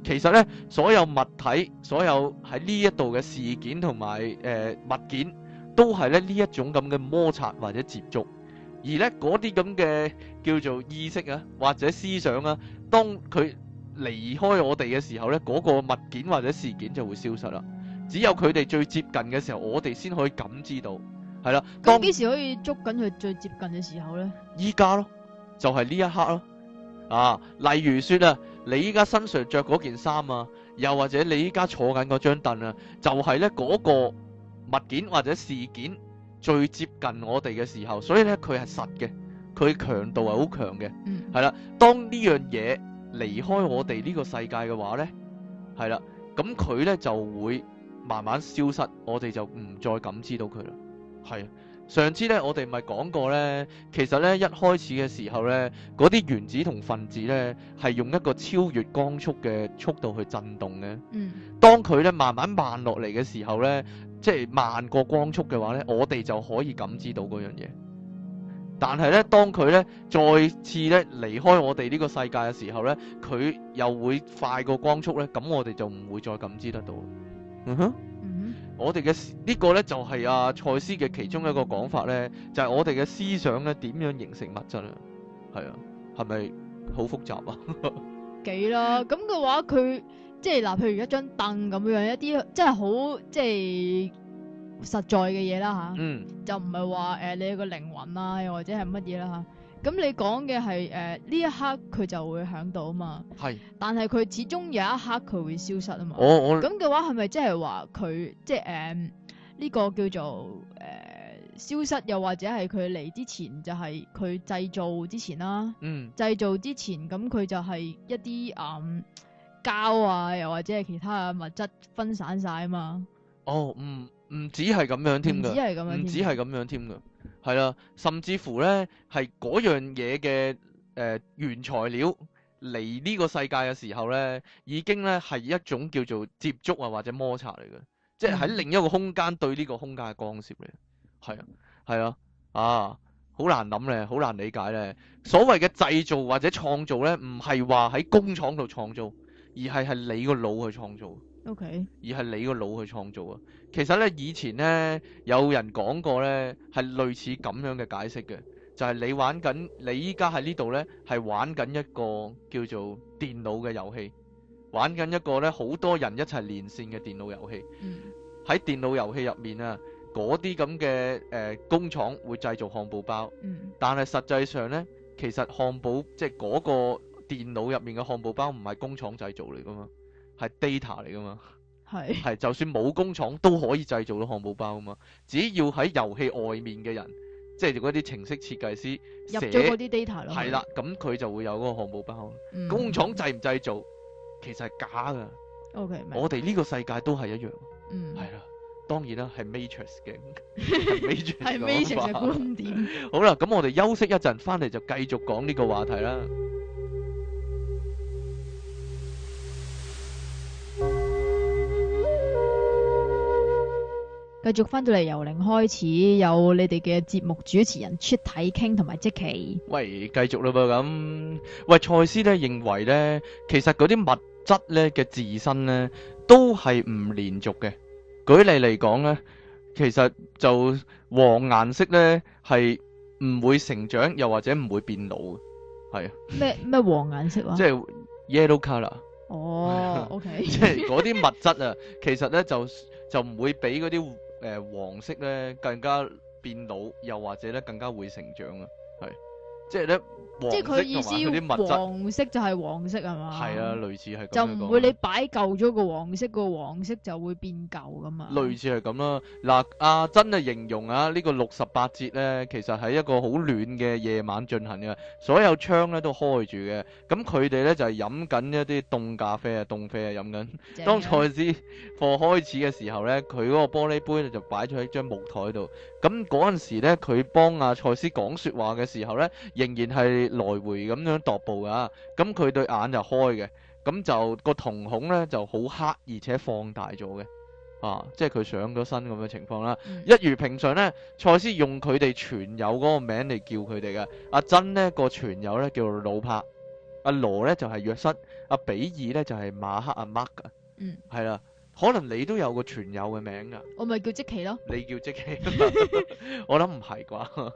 其實咧所有物體，所有喺呢一度嘅事件同埋誒物件，都係咧呢一種咁嘅摩擦或者接觸。而咧嗰啲咁嘅叫做意識啊，或者思想啊，當佢離開我哋嘅時候咧，嗰個物件或者事件就會消失啦。只有佢哋最接近嘅時候，我哋先可以感知到，係啦。咁幾時可以捉緊佢最接近嘅時候咧？依家咯，就係呢一刻咯。啊，例如說啊，你依家身上着嗰件衫啊，又或者你依家坐緊嗰張凳啊，就係咧嗰個物件或者事件。最接近我哋嘅時候，所以呢，佢係實嘅，佢強度係好強嘅，嗯，係啦。當呢樣嘢離開我哋呢個世界嘅話呢，係啦，咁佢呢就會慢慢消失，我哋就唔再感知到佢啦。係，上次呢，我哋咪講過呢，其實呢，一開始嘅時候呢，嗰啲原子同分子呢係用一個超越光速嘅速度去震動嘅。嗯，當佢呢慢慢慢落嚟嘅時候呢。嗯即係慢過光速嘅話呢，我哋就可以感知到嗰樣嘢。但係呢，當佢呢再次呢離開我哋呢個世界嘅時候呢，佢又會快過光速呢，咁我哋就唔會再感知得到。哼、uh，huh. mm hmm. 我哋嘅呢個呢、啊，就係阿賽斯嘅其中一個講法呢就係、是、我哋嘅思想呢點樣形成物質啊？係啊，係咪好複雜啊？ [LAUGHS] 幾啦？咁嘅話佢。即係嗱，譬如一張凳咁樣，一啲即係好即係實在嘅嘢、嗯呃啊、啦，吓，呃、就唔係話誒你個靈魂啦，呃、又或者係乜嘢啦吓。咁你講嘅係誒呢一刻佢就會響到啊嘛，係，但係佢始終有一刻佢會消失啊嘛。哦，咁嘅話係咪即係話佢即係誒呢個叫做誒消失，又或者係佢嚟之前就係佢製造之前啦、啊嗯，嗯，製造之前咁佢就係一啲嗯。膠啊，又或者係其他嘅物質分散晒啊嘛。哦，唔唔止係咁樣添，唔止係咁樣，唔止係咁樣添噶，係啦，甚至乎咧係嗰樣嘢嘅誒原材料嚟呢個世界嘅時候咧，已經咧係一種叫做接觸啊或者摩擦嚟嘅，即係喺另一個空間對呢個空間嘅干涉嚟，係啊係啊啊好難諗咧，好難理解咧。所謂嘅製造或者創造咧，唔係話喺工廠度創造。而係係你個腦去創造，O.K. 而係你個腦去創造啊！其實呢，以前呢，有人講過呢係類似咁樣嘅解釋嘅，就係、是、你玩緊，你依家喺呢度呢，係玩緊一個叫做電腦嘅遊戲，玩緊一個呢好多人一齊連線嘅電腦遊戲。喺、mm. 電腦遊戲入面啊，嗰啲咁嘅誒工廠會製造漢堡包，mm. 但係實際上呢，其實漢堡即係嗰、嗰個。電腦入面嘅漢堡包唔係工廠製造嚟噶嘛，係 data 嚟噶嘛，係係是就算冇工廠都可以製造到漢堡包啊嘛，只要喺遊戲外面嘅人，即係嗰啲程式設計師寫入咗啲 data 咯，係啦，咁佢就會有嗰個漢堡包。嗯、工廠製唔製造，其實係假噶。O Okay , K，我哋呢個世界都係一樣，係啦、嗯，當然啦，係 matrix 嘅 [LAUGHS] matrix 嘅 [LAUGHS] matrix 觀點。 [LAUGHS] 好啦，咁我哋休息一陣，翻嚟就繼續講呢個話題啦。繼續翻到嚟，由零開始，有你哋嘅節目主持人出體傾同埋即期。喂，繼續嘞噃咁。喂，賽斯咧認為咧，其實嗰啲物質咧嘅自身咧都係唔連續嘅。舉例嚟講咧，其實就黃顏色咧係唔會成長，又或者唔會變老嘅。係啊。咩咩黃顏色啊？即係 yellow color。哦，OK。即係嗰啲物質啊， [LAUGHS] 其實咧就就唔會俾嗰啲。誒、呃、黃色咧更加變老，又或者咧更加會成長啊，係，即係咧。就是即係佢意思，啲物質黃色就係黃色係嘛？係啊，類似係咁就唔會你擺舊咗個黃色，個黃色就會變舊㗎嘛。類似係咁啦。嗱、啊，阿珍嘅形容啊，這個、68呢個六十八節咧，其實喺一個好暖嘅夜晚進行嘅，所有窗咧都開住嘅。咁佢哋咧就係飲緊一啲凍咖啡，凍咖啡啊，凍啡啊飲緊。當賽斯課開始嘅時候咧，佢嗰個玻璃杯咧就擺咗喺張木台度。咁嗰陣時咧，佢幫阿、啊、賽斯講説話嘅時候咧，仍然係。來回咁樣踱步噶、啊，咁佢對眼就開嘅，咁就，那個瞳孔咧就好黑而且放大咗嘅，啊，即係佢上咗身咁嘅情況啦。嗯、一如平常咧，賽斯用佢哋全友嗰個名嚟叫佢哋嘅。阿、啊、珍呢、那個全友咧叫做老帕，阿、啊、羅咧就係約瑟，阿、啊、比爾咧就係、是、馬克阿 Mark、啊、嗯，係啦。可能你都有個存有嘅名㗎，我咪叫積奇咯。你叫積奇， [LAUGHS] [LAUGHS] 我諗唔係啩？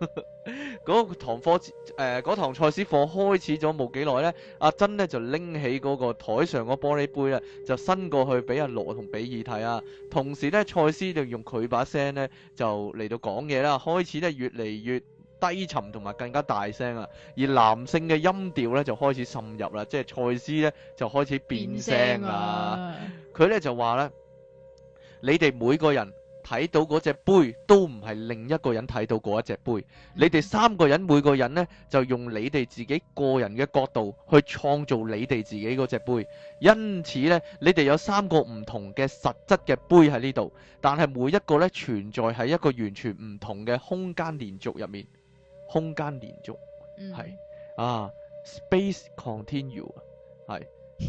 嗰 [LAUGHS] 堂課，誒嗰堂賽斯課開始咗冇幾耐咧，阿珍咧就拎起嗰個台上嗰玻璃杯咧，就伸過去俾阿羅同比爾睇啊。同時咧，賽斯用就用佢把聲咧就嚟到講嘢啦，開始咧越嚟越低沉同埋更加大聲啊，而男性嘅音調咧就開始滲入啦，即係賽斯咧就開始變聲啊！佢咧就話咧：，你哋每個人睇到嗰隻杯，都唔係另一個人睇到嗰一隻杯。嗯、你哋三個人每個人咧，就用你哋自己個人嘅角度去創造你哋自己嗰隻杯。因此咧，你哋有三個唔同嘅實質嘅杯喺呢度，但係每一個咧存在喺一個完全唔同嘅空間連續入面。空間連續，係啊，space continue 啊，係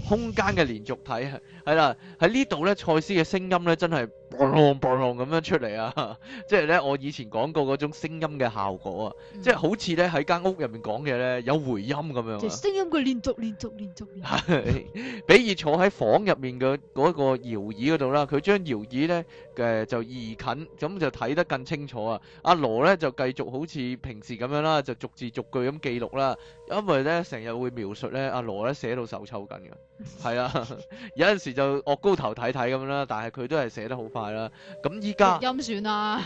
空間嘅連續體啊，係啦， [LAUGHS] 喺呢度咧，賽斯嘅聲音咧真係 boom boom 咁樣出嚟啊！即係咧，我以前講過嗰種聲音嘅效果啊，嗯、即係好似咧喺間屋入面講嘢咧有回音咁樣即、啊、聲音佢連續、連續、連續。係， [LAUGHS] 比爾坐喺房入面嘅嗰個搖椅嗰度啦，佢將搖椅咧、呃、就移近，咁就睇得更清楚啊！阿羅咧就繼續好似平時咁樣啦，就逐字逐句咁記錄啦。因為咧成日會描述咧，阿羅咧寫到手抽緊嘅係 [LAUGHS] 啊，有陣時就惡高頭睇睇咁啦，但係佢都係寫得好。啦！咁依家音算啦，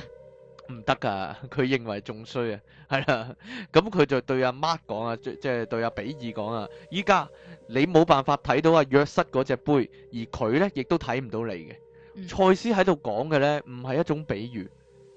唔得㗎，佢認為仲衰啊，係啦，咁佢就對阿 Mark 講啊，即係、就是、對阿比爾講啊，依家你冇辦法睇到阿約瑟嗰隻杯，而佢咧亦都睇唔到你嘅。賽、嗯、斯喺度講嘅咧，唔係一種比喻，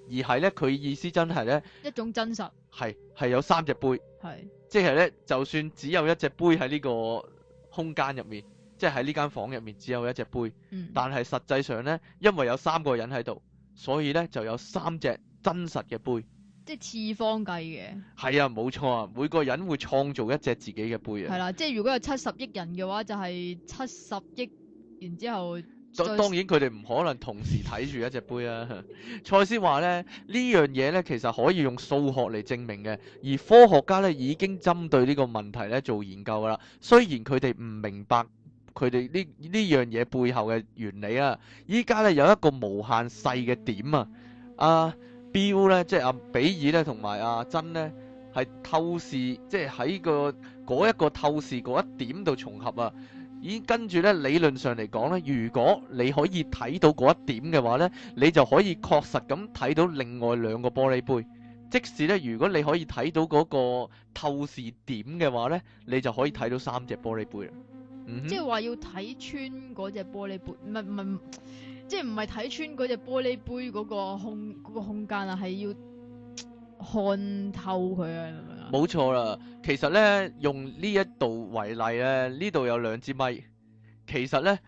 而係咧佢意思真係咧一種真實，係係有三隻杯，係的即係咧，就算只有一隻杯喺呢個空間入面。即係喺呢間房入面只有一隻杯，嗯、但係實際上呢，因為有三個人喺度，所以呢就有三隻真實嘅杯。即係次方計嘅係啊，冇錯啊，每個人會創造一隻自己嘅杯啊。係啦，即係如果有七十億人嘅話，就係七十億，然之後。當然佢哋唔可能同時睇住一隻杯啊。 [LAUGHS] 賽斯話呢，這件事呢樣嘢呢其實可以用數學嚟證明嘅，而科學家呢已經針對呢個問題呢做研究啦。雖然佢哋唔明白。佢哋呢呢樣嘢背後嘅原理啊！依家咧有一個無限細嘅點啊！阿比爾咧，即係阿比爾咧，同埋阿珍咧，係透視，即係喺個嗰一個透視嗰一點度重合啊！已經跟住咧，理論上嚟講咧，如果你可以睇到嗰一點嘅話咧，你就可以確實咁睇到另外兩個玻璃杯。即使咧，如果你可以睇到嗰個透視點嘅話咧，你就可以睇到三隻玻璃杯啦。嗯、即係話要睇穿嗰隻玻璃杯，唔係唔係，即係唔係睇穿嗰隻玻璃杯嗰個空嗰、嗰個空間啊，係要看透佢啊！冇錯啦，其實咧用呢一度為例咧，呢度有兩支咪，其實咧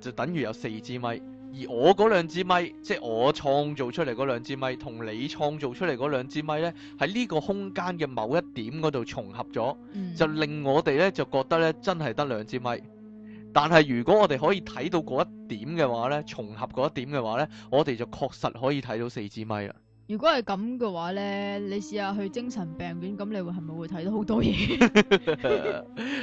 就等於有四支咪。而我嗰兩支咪，即係我創造出嚟嗰兩支咪同你創造出嚟嗰兩支咪呢，呢喺呢個空間嘅某一點嗰度重合咗，就令我哋呢就覺得呢真係得兩支咪。但係如果我哋可以睇到嗰一點嘅話呢，重合嗰一點嘅話呢，我哋就確實可以睇到四支咪啦。如果係咁嘅話呢，你試下去精神病院，咁你會係咪會睇到好多嘢？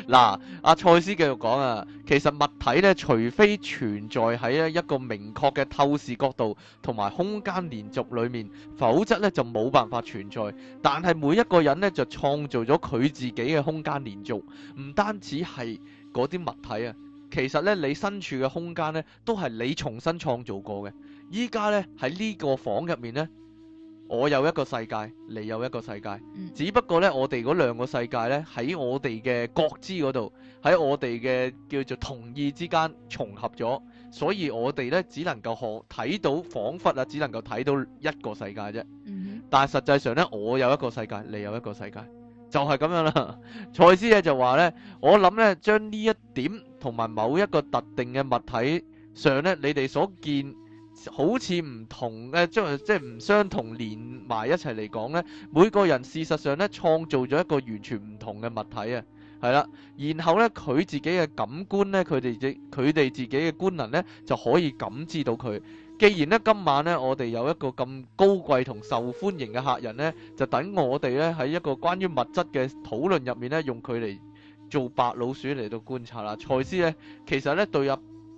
嗱、 [LAUGHS] [LAUGHS] 啊，阿賽斯繼續講啊，其實物體呢，除非存在喺一個明確嘅透視角度同埋空間連續裏面，否則呢就冇辦法存在。但係每一個人呢，就創造咗佢自己嘅空間連續，唔單止係嗰啲物體啊，其實呢，你身處嘅空間呢，都係你重新創造過嘅。依家呢，喺呢個房入面呢。我有一個世界，你有一個世界。只不過呢，我哋嗰兩個世界呢，喺我哋嘅覺知嗰度，喺我哋嘅叫做同意之間重合咗，所以我哋呢，只能夠看睇到，彷彿啊，只能夠睇到一個世界啫。Mm hmm. 但係實際上呢，我有一個世界，你有一個世界，就係、是、咁樣啦。賽斯咧就話呢，我諗呢，將呢一點同埋某一個特定嘅物體上呢，你哋所見。好似唔同嘅、呃、即係唔相同連埋一齊嚟講呢，每個人事實上呢，創造咗一個完全唔同嘅物體啊，係啦。然後呢，佢自己嘅感官呢，佢哋佢哋自己嘅官能呢，就可以感知到佢。既然呢，今晚呢，我哋有一個咁高貴同受歡迎嘅客人呢，就等我哋呢，喺一個關於物質嘅討論入面呢，用佢嚟做白老鼠嚟到觀察啦。賽斯呢，其實呢，對入。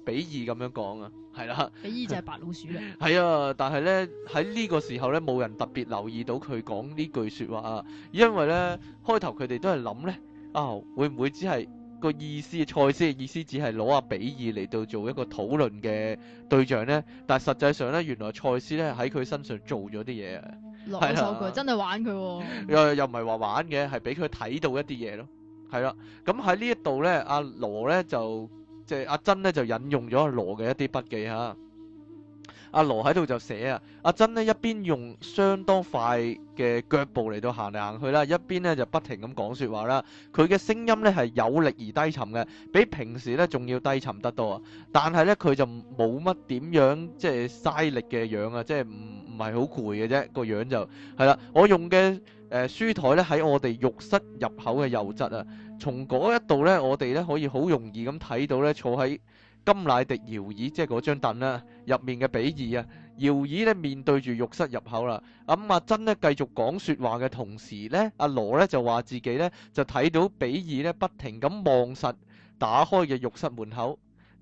比爾咁樣講啊，係啦，比爾就係白老鼠啦。係啊，但係咧喺呢個時候咧，冇人特別留意到佢講呢句説話啊，因為咧開頭佢哋都係諗咧啊，會唔會只係、嗰個意思？賽斯嘅意思只係攞阿比爾嚟到做一個討論嘅對象咧。但係實際上咧，原來賽斯咧喺佢身上做咗啲嘢啊。攞手佢真係玩佢、喎。又又唔係話玩嘅，係俾佢睇到一啲嘢咯。係啦，咁喺呢一度咧，阿羅咧就。即係阿珍咧就引用咗阿羅嘅一啲筆記嚇，阿羅喺度就寫啊，阿珍咧一邊用相當快嘅腳步嚟到行嚟行去啦，一邊咧就不停咁講說話啦。佢嘅聲音咧係有力而低沉嘅，比平時咧仲要低沉得多。但係咧佢就冇乜點樣即係嘥力嘅樣啊，即係唔。唔係好攰嘅啫，個樣子就係啦。我用嘅誒、呃、書枱咧喺我哋浴室入口嘅右側啊，從嗰一度咧，我哋咧可以好容易咁睇到咧坐喺金乃迪搖椅，即係嗰張凳啦入面嘅比爾啊，搖、啊、椅咧面對住浴室入口啦、啊。咁、嗯、阿珍咧繼續講説話嘅同時咧，阿羅咧就話自己咧就睇到比爾咧不停咁望實打開嘅浴室門口。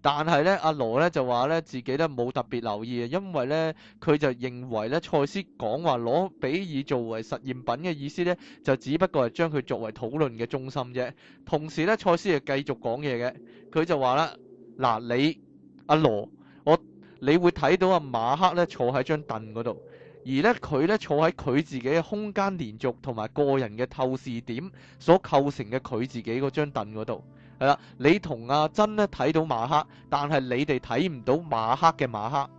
但係咧，阿、啊、羅咧就話咧自己咧冇特別留意啊，因為咧佢就認為咧賽斯講話攞比爾作為實驗品嘅意思咧，就只不過係將佢作為討論嘅中心啫。同時咧，賽斯又繼續講嘢嘅，佢就話啦：嗱，你、啊、阿羅，我你會睇到阿馬克咧坐喺張凳嗰度，而咧佢咧坐喺佢自己嘅空間連續同埋個人嘅透視點所構成嘅佢自己嗰張凳嗰度。係啦，你同阿珍咧睇到馬克，但係你哋睇唔到馬克嘅馬克。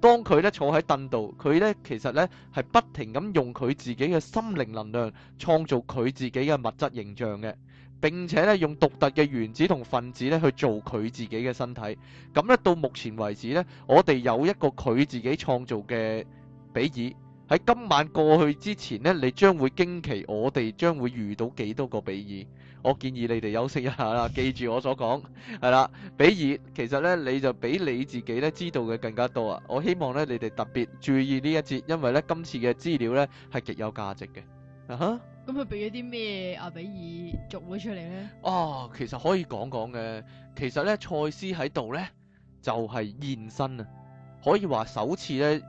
當佢咧坐喺凳度，佢咧其實咧係不停咁用佢自己嘅心靈能量創造佢自己嘅物質形象嘅，並且咧用獨特嘅原子同分子咧去做佢自己嘅身體。咁咧到目前為止咧，我哋有一個佢自己創造嘅比爾。喺今晚過去之前咧，你將會驚奇我哋將會遇到幾多個比爾。我建議你哋休息一下啦，記住我所講，係啦。比爾其實咧，你就比你自己咧知道嘅更加多啊！我希望咧，你哋特別注意呢一節，因為咧今次嘅資料咧係極有價值嘅。啊哈！咁佢俾咗啲咩啊？比爾做咗出嚟咧？哦，其實可以講講嘅。其實咧，賽斯喺度咧就係現身啊！可以話首次咧，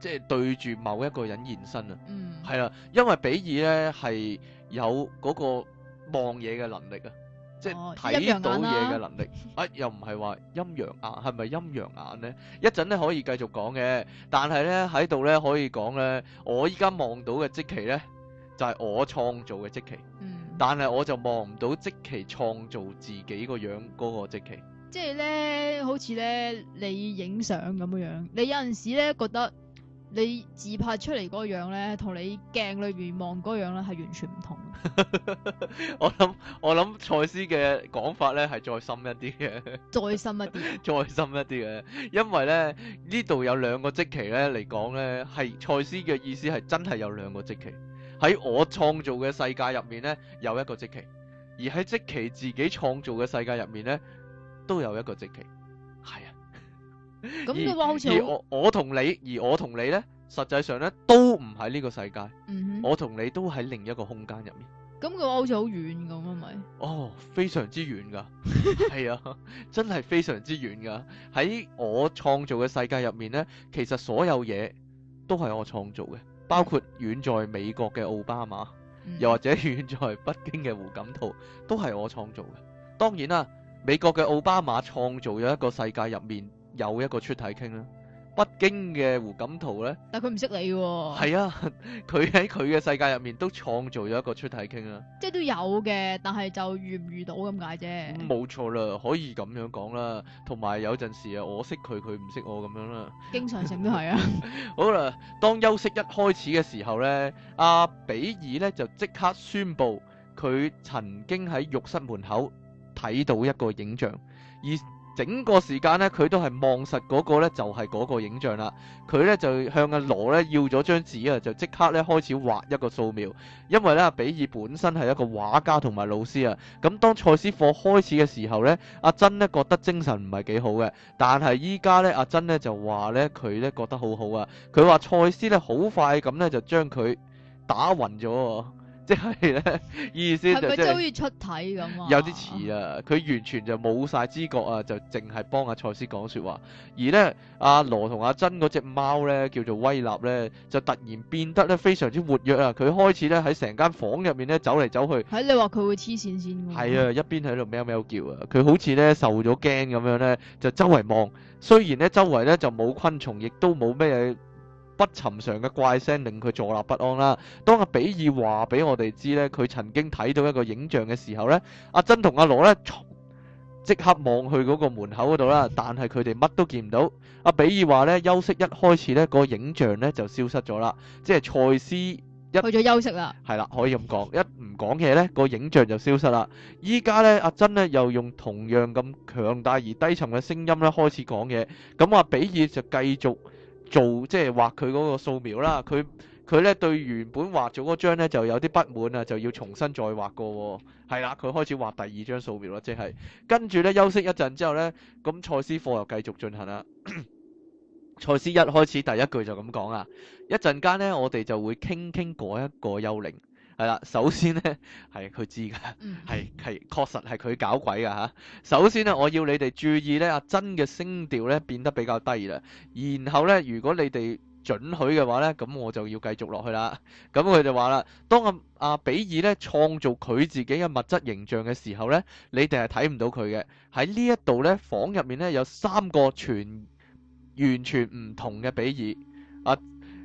即係對住某一個人現身啊！嗯，係啦，因為比爾咧係有嗰個。望嘢嘅能力啊，即係睇到嘢嘅能力、哦、啊，又唔係話陰陽眼，係咪陰陽眼咧？一陣咧可以繼續講嘅，但係咧喺度咧可以講咧，我依家望到嘅積奇咧就係、是、我創造嘅積奇，嗯、但係我就望唔到積奇創造自己個樣、那個樣嗰個積奇，即係咧好似咧你影相咁樣樣，你有陣時咧覺得。你自拍出嚟嗰個樣咧，同你鏡裏邊望嗰樣咧，係完全唔同 [LAUGHS] 我。我諗我諗賽斯嘅講法咧，係再深一啲嘅。再深一啲。 [LAUGHS] 再深一啲嘅，因為咧呢度有兩個即期咧嚟講咧，係賽斯嘅意思係真係有兩個即期。喺我創造嘅世界入面咧，有一個即期，而喺即期自己創造嘅世界入面咧，都有一個即期。咁佢而話好似我同你，而我同你，你呢，實際上呢都唔喺呢個世界。嗯、哼我同你都喺另一個空間入面。咁佢話好似好遠咁，係咪？哦，非常之遠噶，係 [LAUGHS] 啊，真係非常之遠噶。喺我創造嘅世界入面呢，其實所有嘢都係我創造嘅，包括遠在美國嘅奧巴馬，又、嗯、哼或者遠在北京嘅胡錦濤，都係我創造嘅。當然啦、啊，美國嘅奧巴馬創造咗一個世界入面。有一個出體傾啦，北京嘅胡錦濤咧，但佢唔識你喎。係啊，佢喺佢嘅世界入面都創造咗一個出體傾啦。即係都有嘅，但係就遇唔遇到咁解啫。冇錯啦，可以咁樣講啦。同埋有陣時啊，我識佢，佢唔識我咁樣啦。經常性都係啊。好啦，當休息一開始嘅時候咧，阿比爾咧就即刻宣布，佢曾經喺浴室門口睇到一個影像，而。整個時間咧，佢都係望實嗰個咧，就係嗰個影像啦。佢咧就向阿羅咧要咗張紙啊，就即刻咧開始畫一個素描。因為咧阿比爾本身係一個畫家同埋老師啊。咁當賽斯課開始嘅時候咧，阿珍咧覺得精神唔係幾好嘅。但係依家咧阿珍咧就話咧佢咧覺得好好啊。佢話賽斯咧好快咁咧就將佢打暈咗。即係咧， [LAUGHS] 意思就即、是、係好似出體咁有啲似啊，佢 [LAUGHS] 完全就冇晒知覺啊，就淨係幫阿賽斯講說話。而咧，阿羅同阿珍嗰隻貓咧，叫做威納咧，就突然變得咧非常之活躍啊！佢開始咧喺成間房入面咧走嚟走去。喺你話佢會黐線先？係啊，一邊喺度喵喵叫啊！佢好似咧受咗驚咁樣咧，就周圍望。雖然咧周圍咧就冇昆蟲，亦都冇咩。不尋常嘅怪聲令佢坐立不安啦。當阿比爾話俾我哋知咧，佢曾經睇到一個影像嘅時候咧，阿珍同阿羅咧即刻望去嗰個門口嗰度啦。但係佢哋乜都見唔到。阿比爾話咧，休息一開始咧，個影像咧就消失咗啦。即係賽斯一去咗休息啦，係啦，可以咁講，一唔講嘢咧，個影像就消失啦。依家咧，阿珍咧又用同樣咁強大而低沉嘅聲音咧開始講嘢，咁阿比爾就繼續。做即係畫佢嗰個素描啦，佢，佢咧對原本畫咗嗰張，咧就有啲不滿啊，就要重新再畫過。係啦，佢開始畫第二張素描啦，即係跟住咧休息一陣之後咧，咁賽斯課又繼續進行啦。賽斯 [COUGHS] 一開始第一句就咁講啊，一陣間咧我哋就會傾傾嗰一個幽靈。係啦，首先咧係佢知嘅，係係確實係佢搞鬼㗎嚇。首先啊，我要你哋注意咧，阿珍嘅聲調咧變得比較低啦。然後咧，如果你哋准許嘅話咧，咁我就要繼續落去啦。咁佢就話啦，當阿、啊、阿比爾咧創造佢自己嘅物質形象嘅時候咧，你哋係睇唔到佢嘅。喺呢一度咧，房入面咧有三個全完全唔同嘅比爾。啊。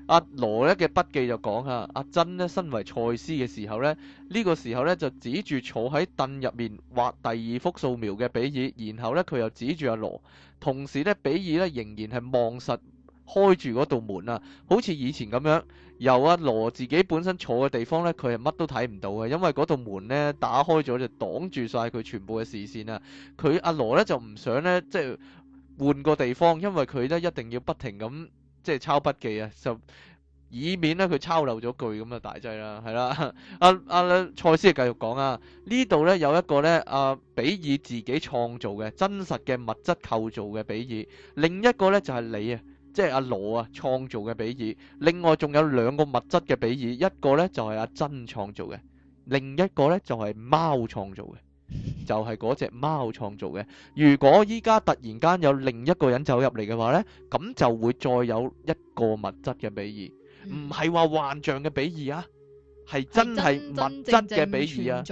阿羅咧嘅筆記就講嚇，阿珍咧身為賽斯嘅時候咧，呢個時候咧就指住坐喺凳入面畫第二幅素描嘅比爾，然後咧佢又指住阿羅，同時咧比爾咧仍然係望實開住嗰道門啊，好似以前咁樣。由阿羅自己本身坐嘅地方咧，佢係乜都睇唔到嘅，因為嗰道門咧打開咗就擋住晒佢全部嘅視線啊。佢阿羅咧就唔想咧即係換個地方，因為佢咧一定要不停咁。即係抄筆記啊，就以免咧佢抄漏咗句咁啊，大劑啦，係啦。阿阿賽斯繼續講啊，呢度咧有一個咧阿比爾自己創造嘅真實嘅物質構造嘅比爾，另一個咧就係你啊，即係阿羅啊創造嘅比爾，另外仲有兩個物質嘅比爾，一個咧就係阿珍創造嘅，另一個咧就係貓創造嘅。就係嗰隻貓創造嘅。如果依家，突然間有另一個人走入嚟嘅話呢，咁就會再有一個物質嘅比爾，唔係話幻象嘅比爾啊，係真係物質嘅比爾啊，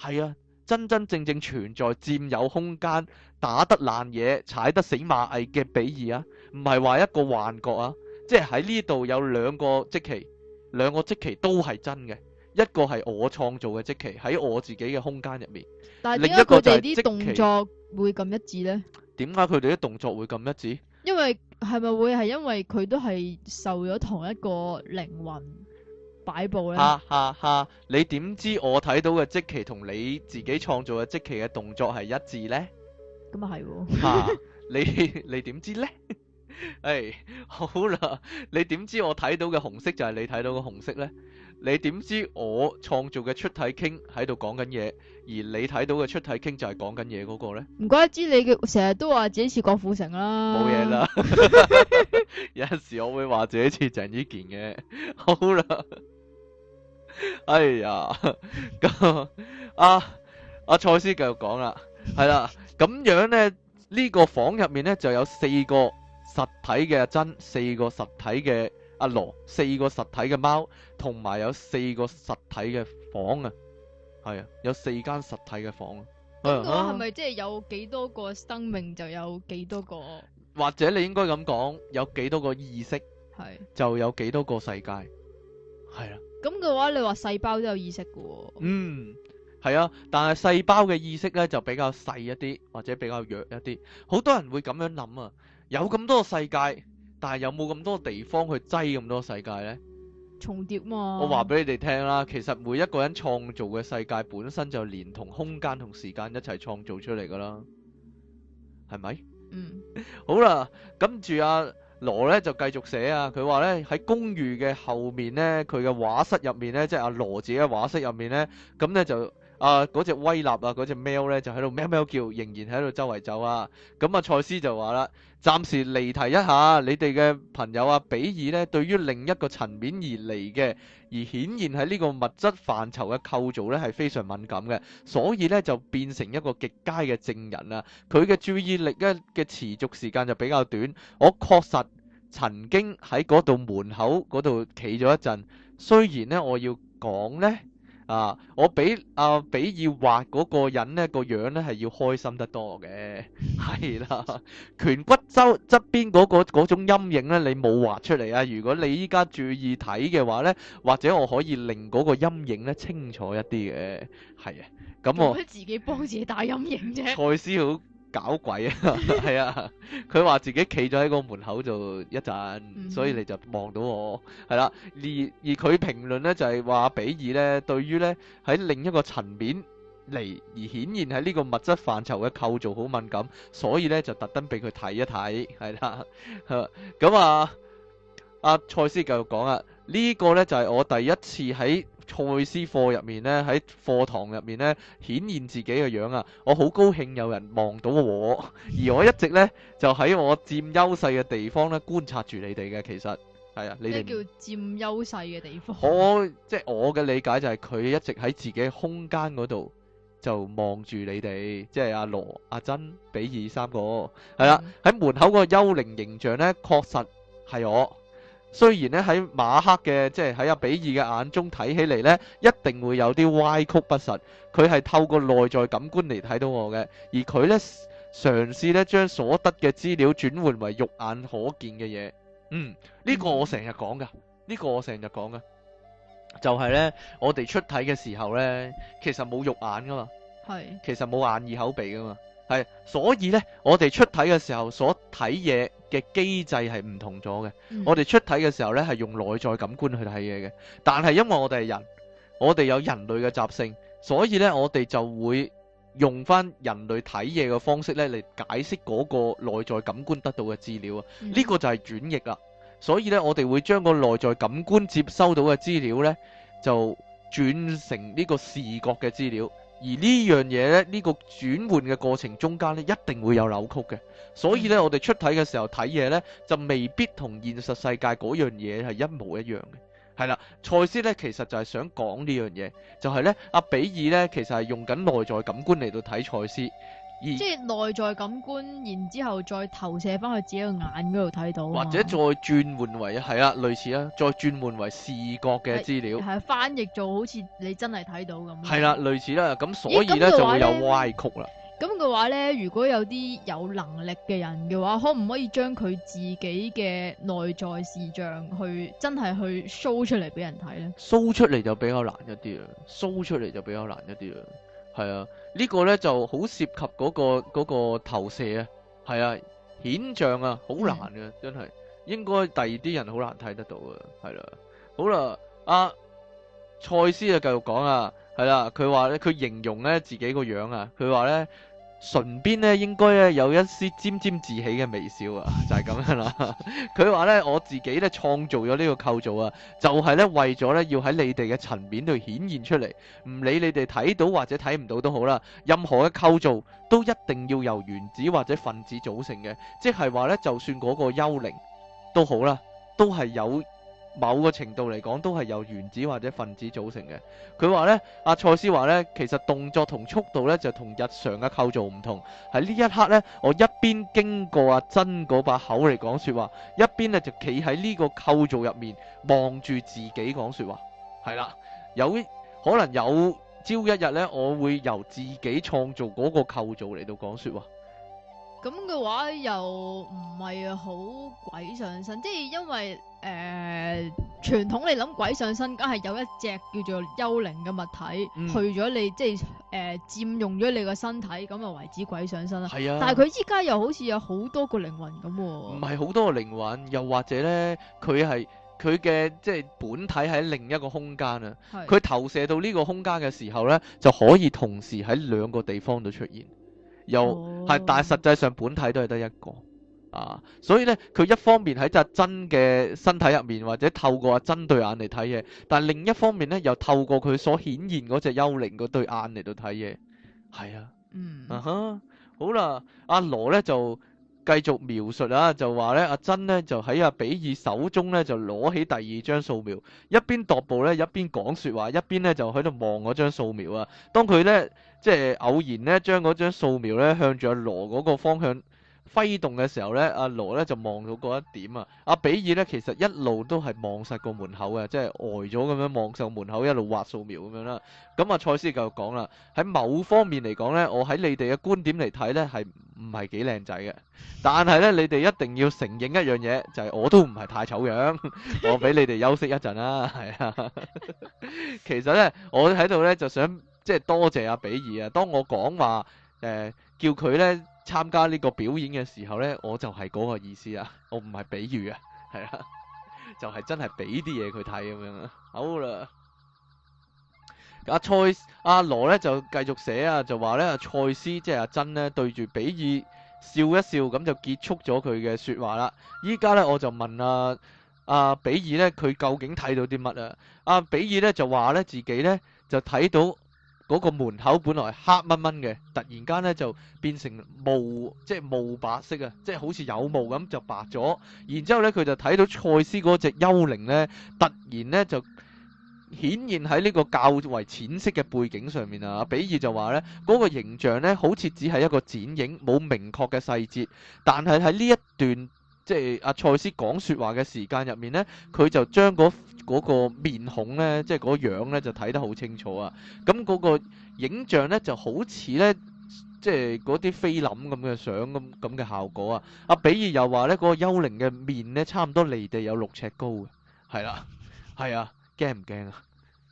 係啊，真真正正，正正存在、佔、啊、有空間、打得爛嘢、踩得死螞蟻嘅比爾啊，唔係話一個幻覺啊，即係喺呢度有兩個即期，兩個即期都係真嘅。一個係我創造嘅即期喺我自己嘅空間入面，但係另一個就係即期，佢哋啲動作會咁一致呢？點解佢哋啲動作會咁一致？因為係咪會係因為佢都係受咗同一個靈魂擺佈呢？吓吓吓！你點知我睇到嘅即期同你自己創造嘅即期嘅動作係一致呢？咁啊係喎、啊！你你點知呢？誒、 [LAUGHS] 哎，好啦，你點知我睇到嘅紅色就係你睇到嘅紅色呢？你點知我創造嘅出體傾喺度講緊嘢，而你睇到嘅出體傾就係講緊嘢嗰個咧？唔怪得之你嘅成日都話自己似郭富城啦。冇嘢啦，有陣時我會話自己似鄭伊健嘅。好啦，哎呀，咁阿阿賽斯繼續講啦，係啦，咁樣咧呢、呢個房入面咧就有四個實體嘅真，四個實體嘅。阿羅四個實體嘅貓，同埋有四個實體嘅房啊，係啊，有四間實體嘅房啊。嗰個係咪即係有幾多個生命就有幾多個啊？或者你應該咁講，有幾多個意識，係，就有幾多個世界，係啊。咁嘅話，你話細胞都有意識嘅喎啊？嗯，係啊，但係細胞嘅意識咧就比較細一啲，或者比較弱一啲。好多人會咁樣諗啊，有咁多個世界。但係有冇咁多地方去擠咁多世界呢？重疊嘛！我話俾你哋聽啦，其實每一個人創造嘅世界本身就連同空間同時間一齊創造出嚟噶啦，係咪？嗯，好啦，跟住阿羅咧就繼續寫啊，佢話咧喺公寓嘅後面咧，佢嘅畫室入面咧，即係阿羅自己嘅畫室入面咧，咁咧就。啊！嗰隻威立啊，嗰隻喵咧就喺度喵喵叫，仍然喺度周圍走啊。咁啊，賽斯就話啦，暫時離題一下，你哋嘅朋友啊，比爾咧，對於另一個層面而嚟嘅，而顯現喺呢個物質範疇嘅構造咧，係非常敏感嘅，所以咧就變成一個極佳嘅證人啦。佢嘅注意力咧嘅持續時間就比較短。我確實曾經喺嗰度門口嗰度企咗一陣，雖然咧我要講咧。啊！我比阿、啊、比要畫嗰個人咧、嗰個樣咧係要開心得多嘅，係啦。顴骨周側邊嗰個種陰影咧，你冇畫出嚟啊！如果你依家注意睇嘅話呢，或者我可以令嗰個陰影呢，清楚一啲嘅，係啊。咁我自己幫自己打陰影啫。蔡搞鬼 [LAUGHS] 啊！係啊，佢話自己企咗喺個門口就一陣， [LAUGHS] 所以你就望到我係啦、啊。而而佢評論咧就係話，比爾咧對於咧喺另一個層面嚟而顯現喺呢個物質範疇嘅構造好敏感，所以咧就特登俾佢睇一睇係啦。咁啊，阿賽斯繼續講啊，這個、呢個咧就係、是、我第一次喺。賽斯課入面咧，喺課堂入面咧，顯現自己嘅樣子啊！我好高興有人望到我，而我一直咧就喺我佔優勢嘅地方咧觀察住你哋嘅，其實係啊，你哋，叫佔優勢嘅地方。我即係我嘅理解就係佢一直喺自己空間嗰度就望住你哋，即係阿羅、阿珍、比爾三個係啦，喺、啊嗯、門口個幽靈形象咧，確實係我。雖然咧喺馬克嘅即係喺阿比爾嘅眼中睇起嚟咧，一定會有啲歪曲不實。佢係透過內在感官嚟睇到我嘅，而佢咧嘗試咧將所得嘅資料轉換為肉眼可見嘅嘢。嗯，呢個我成日講噶，呢、嗯、個我成日講噶，就係咧我哋出體嘅時候咧，其實冇肉眼噶嘛，係，其實冇眼耳口鼻噶嘛。係，所以呢，我哋出體嘅時候所睇嘢嘅機制係唔同咗嘅。嗯、我哋出體嘅時候呢，係用內在感官去睇嘢嘅。但係因為我哋係人，我哋有人類嘅習性，所以呢，我哋就會用翻人類睇嘢嘅方式呢嚟解釋嗰個內在感官得到嘅資料。嗯、呢個就係轉譯啦。所以呢，我哋會將個內在感官接收到嘅資料呢，就轉成呢個視覺嘅資料。而呢樣嘢咧，呢個轉換嘅過程中間咧，一定會有扭曲嘅。所以咧，我哋出體嘅時候睇嘢咧，就未必同現實世界嗰樣嘢係一模一樣嘅。係啦，賽斯咧其實就係想講呢樣嘢，就係咧阿比爾咧其實係用緊內在感官嚟到睇賽斯。即係內在感官，然之後再投射翻去自己個眼嗰度睇到，或者再轉換為係啊，類似啊，再轉換為視覺嘅資料，係、啊、翻譯做好似你真係睇到咁。係啦、啊，類似啦，咁所以咧就會有歪曲啦。咁嘅話咧，如果有啲有能力嘅人嘅話，可唔可以將佢自己嘅內在視像去真係去 show 出嚟俾人睇咧？show 出嚟就比較難一啲啦，show 出嚟就比較難一啲啦。係啊，呢、這個咧就好涉及嗰、那個、那個投射啊，係啊，顯像啊，好難嘅，真係，應該第二啲人好難睇得到啊。係啦，好啦，阿賽斯啊，繼續講啊，係啦、啊，佢話咧，佢形容咧自己個樣啊，佢話咧。唇邊咧應該咧有一絲沾沾自喜嘅微笑啊，就係咁樣啦。佢話咧，我自己咧創造咗呢個構造啊，就係咧為咗咧要喺你哋嘅層面度顯現出嚟，唔理你哋睇到或者睇唔到都好啦。任何嘅構造都一定要由原子或者分子組成嘅，即係話咧，就算嗰個幽靈都好啦，都係有。某個程度嚟講，都係由原子或者分子組成嘅。佢話呢，阿賽斯話呢，其實動作同速度呢，就同日常嘅構造唔同。喺呢一刻呢，我一邊經過阿珍嗰把口嚟講說話，一邊呢，就企喺呢個構造入面望住自己講說話。係啦，有可能有朝一日呢，我會由自己創造嗰個構造嚟到講説話。咁嘅話又唔係好鬼上身，即係因為。誒，傳、uh, 統，你諗鬼上身梗係有一隻叫做幽靈嘅物體去咗你，嗯、即係誒佔用咗你個身體，咁啊為止鬼上身是啊。係啊，但係佢依家又好似有好多個靈魂咁喎。唔係好多個靈魂，又或者咧，佢係佢嘅即係本體喺另一個空間啊。佢是 投射到呢個空間嘅時候咧，就可以同時喺兩個地方度出現，又係、哦，但係實際上本體都係得一個。啊，所以咧，佢一方面喺隻真嘅身體入面，或者透過阿真對眼嚟睇嘢；但另一方面咧，又透過佢所顯現嗰隻幽靈嗰對眼嚟到睇嘢。係啊，嗯，啊好啦，阿羅咧就繼續描述啊，就話咧阿真咧就喺阿比爾手中咧就攞起第二張素描，一邊踱步咧，一邊講説話，一邊咧就喺度望嗰張素描啊。當佢咧即係偶然咧將嗰張素描咧向住阿羅嗰個方向。揮動嘅時候咧，阿羅咧就望到嗰一點啊，阿比爾咧其實一路都係望實個門口啊，即係呆咗咁樣望上門口一路畫素描咁樣啦。咁啊，賽斯就講啦，喺某方面嚟講咧，我喺你哋嘅觀點嚟睇咧係唔係幾靚仔嘅？但係咧，你哋一定要承認一樣嘢，就係我都唔係太醜樣。我俾你哋休息一陣啦，係啊。其實咧，我喺度咧就想即係多謝阿比爾啊。當我講話誒叫佢咧，參加呢個表演嘅時候咧，我就係嗰個意思啊！我唔係比喻啊，係啊，就係真係俾啲嘢佢睇咁樣啊。好啦，阿賽阿羅咧就繼續寫啊，就話咧賽斯即係阿珍咧對住比爾笑一笑，咁就結束咗佢嘅説話啦。依家咧我就問啊啊比爾咧，佢究竟睇到啲乜啊？阿比爾咧就話咧自己咧就睇到。嗰個門口本來黑掹掹嘅，突然間咧就變成霧，即係霧白色啊！即係好似有霧咁就白咗。然之後咧，佢就睇到賽斯嗰隻幽靈咧，突然咧就顯現喺呢個較為淺色嘅背景上面啊。比爾就話咧，嗰個形象咧好似只係一個剪影，冇明確嘅細節，但係喺呢一段。即係阿賽斯講説話嘅時間入面咧，佢就將嗰、那個面孔咧，即係嗰樣咧，就睇得好清楚啊！咁嗰個影像咧，就好似咧，即係嗰啲菲林咁嘅相咁咁嘅效果啊！阿、啊、比爾又話咧，嗰、那個幽靈嘅面咧，差唔多離地有六尺高嘅，係啦，係啊，驚唔驚啊？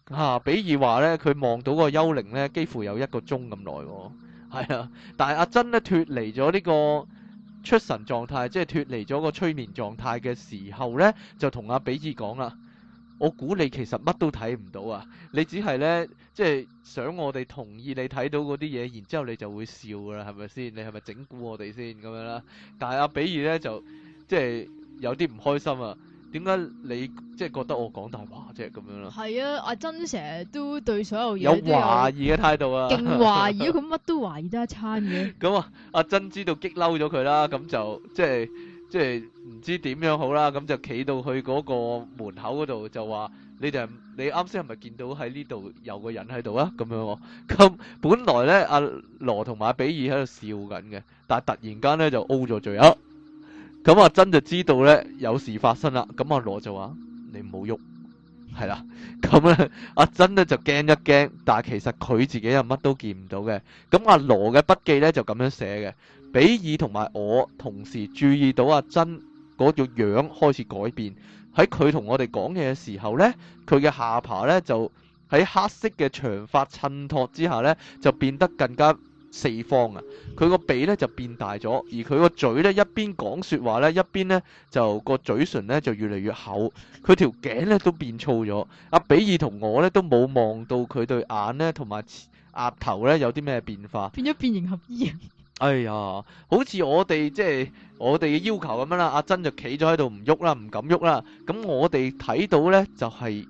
嚇、啊啊！比爾話咧，佢望到個幽靈咧，幾乎有一個鐘咁耐喎，係啊！但係阿、啊、珍咧脱離咗呢、這個出神狀態，即係脱離咗個催眠狀態嘅時候咧，就同阿比爾講啦：我估你其實乜都睇唔到啊！你只係咧，即係想我哋同意你睇到嗰啲嘢，然之後你就會笑㗎啦，係咪先？你係咪整蠱我哋先咁樣啦？但係阿比爾咧就即係有啲唔開心啊！點解你即係、就是、覺得我講大話即係咁樣啦？係啊，阿珍成日都對所有嘢有懷疑嘅態度啊，勁懷疑佢乜都懷疑得一餐嘅。咁啊，阿珍知道激嬲咗佢啦，咁 [LAUGHS] 就即係即係唔知點樣好啦，咁就企到去嗰個門口嗰度就話：你哋你啱先係咪見到喺呢度有個人喺度啊？咁樣咁本來咧阿羅同埋阿比爾喺度笑緊嘅，但係突然間咧就 O 咗嘴。啊！.咁、嗯、阿珍就知道咧有事發生啦，咁、嗯、阿羅就話：你唔好喐，係啦。咁、嗯、咧、嗯嗯，阿珍咧就驚一驚，但係其實佢自己又乜都見唔到嘅。咁、嗯、阿羅嘅筆記咧就咁樣寫嘅，比爾同埋我同時注意到阿珍嗰個樣開始改變。喺佢同我哋講嘢嘅時候咧，佢嘅下巴咧就喺黑色嘅長髮襯托之下咧，就變得更加。四方啊！佢個鼻咧就變大咗，而佢個嘴咧一邊講說話咧，一邊咧就個嘴唇咧就越嚟越厚。佢條頸咧都變粗咗。阿比爾同我咧都冇望到佢對眼咧，同埋額頭咧有啲咩變化？變咗變形合二、啊。哎呀，好似我哋即係我哋嘅要求咁樣啦。阿珍就企咗喺度唔喐啦，唔敢喐啦。咁我哋睇到咧就係、是、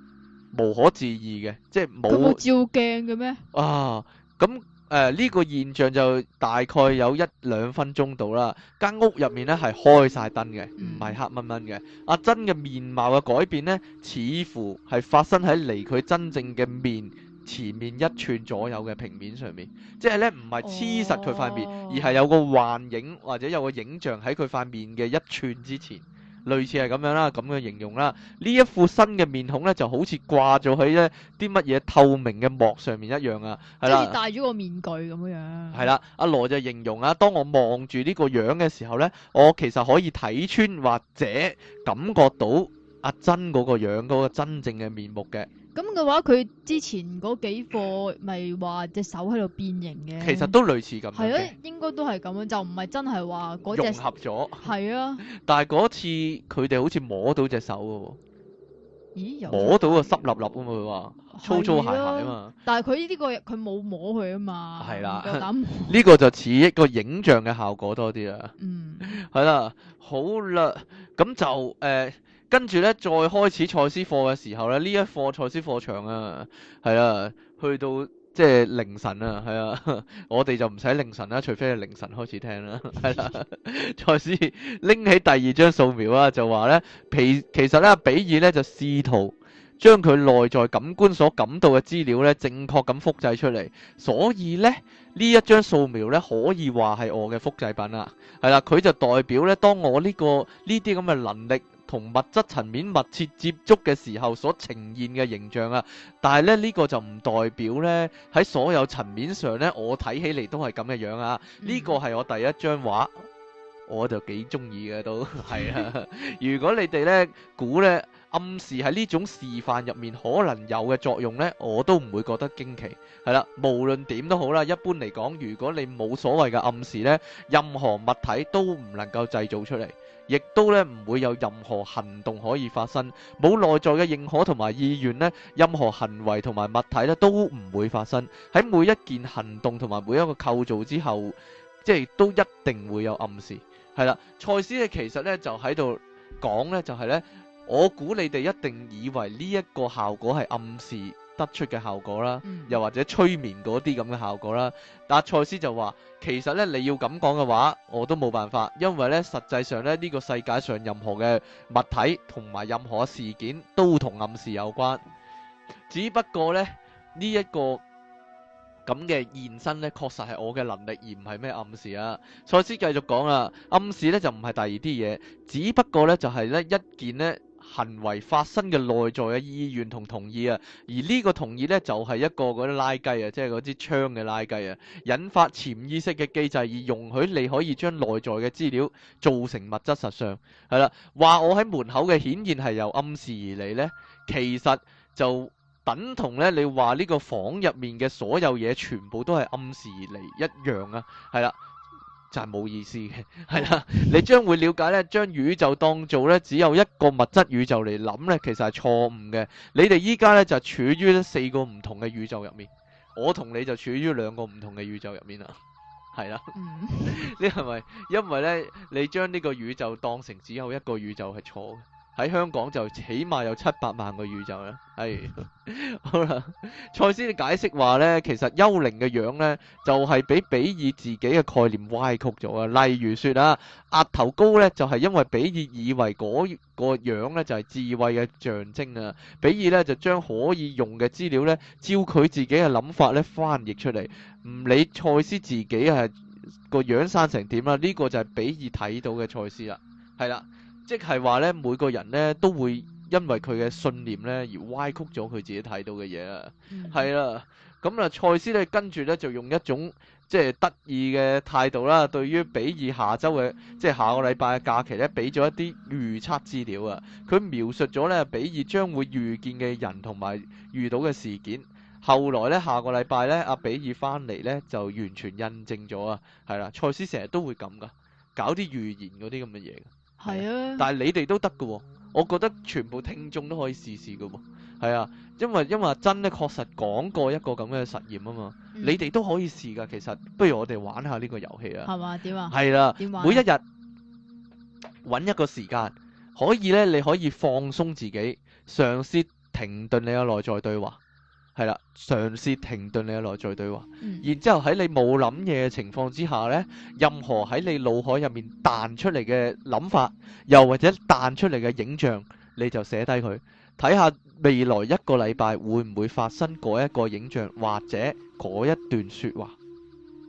無可置疑嘅，即係冇。照鏡嘅咩？啊，咁。誒，呢、呃呢個現象就大概有一兩分鐘到啦。間屋入面咧係開晒燈嘅，唔係 [COUGHS] 黑蚊蚊嘅。阿珍嘅面貌嘅改變咧，似乎係發生喺離佢真正嘅面前面一寸左右嘅平面上面，即係咧唔係黐實佢塊面，oh. 而係有個幻影或者有個影像喺佢塊面嘅一寸之前。類似係咁樣啦，咁嘅形容啦，呢一副新嘅面孔咧，就好似掛咗喺咧啲乜嘢透明嘅膜上面一樣啊，係啦，似戴咗個面具咁樣。係啦了，阿羅就形容啊，當我望住呢個樣嘅時候咧，我其實可以睇穿或者感覺到阿珍嗰個樣嗰個真正嘅面目嘅。咁嘅話，佢之前嗰幾課咪話隻手喺度變形嘅，其實都類似咁，係啊，應該都係咁樣，就唔係真係話嗰隻融合咗，係啊。但係嗰次佢哋好似摸到隻手嘅喎，咦？個摸到個濕粒粒啊，濕立立啊嘛，佢話粗粗鞋鞋啊嘛。但係佢呢啲個佢冇摸佢啊嘛，係啦。咁呢個就似一個影像嘅效果多啲啊。嗯，係啦、啊，好啦，咁就誒。呃跟住咧，再開始賽斯課嘅時候咧，呢一課賽斯課長啊，係啊，去到即係凌晨啊，係啊，我哋就唔使凌晨啦，除非係凌晨開始聽啦，係啦、啊。賽斯拎起第二張素描啊，就話咧，其其實咧，比爾咧就試圖將佢內在感官所感到嘅資料咧，正確咁複製出嚟，所以咧呢一張素描咧可以話係我嘅複製品啦，係啦、啊，佢就代表咧，當我呢、這個呢啲咁嘅能力。同物質層面密切接觸嘅時候所呈現嘅形象啊，但係呢呢個就唔代表呢喺所有層面上呢，我睇起嚟都係咁嘅樣啊。呢個係我第一張畫，我就幾中意嘅都係啊。如果你哋呢估呢暗示喺呢種示範入面可能有嘅作用呢，我都唔會覺得驚奇。係啦，無論點都好啦，一般嚟講，如果你冇所謂嘅暗示呢，任何物體都唔能夠製造出嚟。亦都咧唔會有任何行動可以發生，冇內在嘅認可同埋意願咧，任何行為同埋物體咧都唔會發生。喺每一件行動同埋每一個構造之後，即係都一定會有暗示。係啦，賽斯咧其實咧就喺度講咧，就係咧，我估你哋一定以為呢一個效果係暗示。得出嘅效果啦，又或者催眠嗰啲咁嘅效果啦。但係賽斯就話，其實咧你要咁講嘅話，我都冇辦法，因為咧實際上咧呢個世界上任何嘅物體同埋任何事件都同暗示有關。只不過咧呢一個咁嘅現身咧，確實係我嘅能力，而唔係咩暗示啊。賽斯繼續講啦，暗示咧就唔係第二啲嘢，只不過咧就係咧一件咧。行為發生嘅內在嘅意願同同意啊，而呢個同意呢，就係一個嗰啲拉雞啊，即係嗰支槍嘅拉雞啊，引發潛意識嘅機制，而容許你可以將內在嘅資料做成物質實相。係啦，話我喺門口嘅顯現係由暗示而嚟呢，其實就等同呢你話呢個房入面嘅所有嘢全部都係暗示而嚟一樣啊。係啦。就係冇意思嘅，係啦，你將會了解咧，將宇宙當做咧只有一個物質宇宙嚟諗咧,其實係錯誤嘅。你哋依家咧就係處於四個唔同嘅宇宙入面,我同你就處於兩個唔同嘅宇宙入面啦,係啦、嗯，你係咪因為咧你將呢個宇宙當成只有一個宇宙係錯嘅？喺香港就起碼有七百萬個宇宙啦，係 [LAUGHS] 好啦。賽斯嘅解釋話咧，其實幽靈嘅樣咧就係、是、俾比爾自己嘅概念歪曲咗啊。例如說啊，額頭高咧就係、是、因為比爾以為嗰個樣咧就係、是、智慧嘅象徵啊。比爾咧就將可以用嘅資料咧，照佢自己嘅諗法咧翻譯出嚟，唔理賽斯自己係、那個樣生成點啊，呢、這個就係比爾睇到嘅賽斯啦，係啦。即係話咧，每個人咧都會因為佢嘅信念咧而歪曲咗佢自己睇到嘅嘢啊，係啦、mm。咁、hmm. 啊，賽斯咧跟住咧就用一種即係得意嘅態度啦，對於比爾下週嘅即係下個禮拜嘅假期咧，俾咗一啲預測資料啊。佢描述咗咧比爾將會遇見嘅人同埋遇到嘅事件。後來咧下個禮拜咧阿比爾翻嚟咧就完全印證咗啊。係啦，賽斯成日都會咁噶，搞啲預言嗰啲咁嘅嘢。係啊，啊但係你哋都得嘅、哦，我覺得全部聽眾都可以試試嘅，係啊，因為因為真咧確實講過一個咁嘅實驗啊嘛，嗯、你哋都可以試噶，其實不如我哋玩下呢個遊戲啊，係嘛，點啊，係啦、啊，每一日搵一個時間，可以咧你可以放鬆自己，嘗試停頓你嘅內在對話。係啦，嘗試停頓你嘅內在對話，嗯、然之後喺你冇諗嘢嘅情況之下呢，任何喺你腦海入面彈出嚟嘅諗法，又或者彈出嚟嘅影像，你就寫低佢，睇下未來一個禮拜會唔會發生嗰一個影像或者嗰一段說話。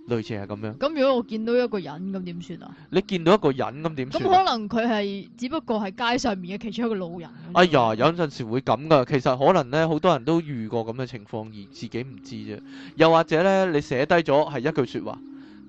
類似係咁樣。咁如果我見到一個人咁點算啊？你見到一個人咁點算？咁可能佢係只不過係街上面嘅其中一個老人。哎呀，有陣時會咁噶。其實可能咧，好多人都遇過咁嘅情況而自己唔知啫。又或者咧，你寫低咗係一句說話，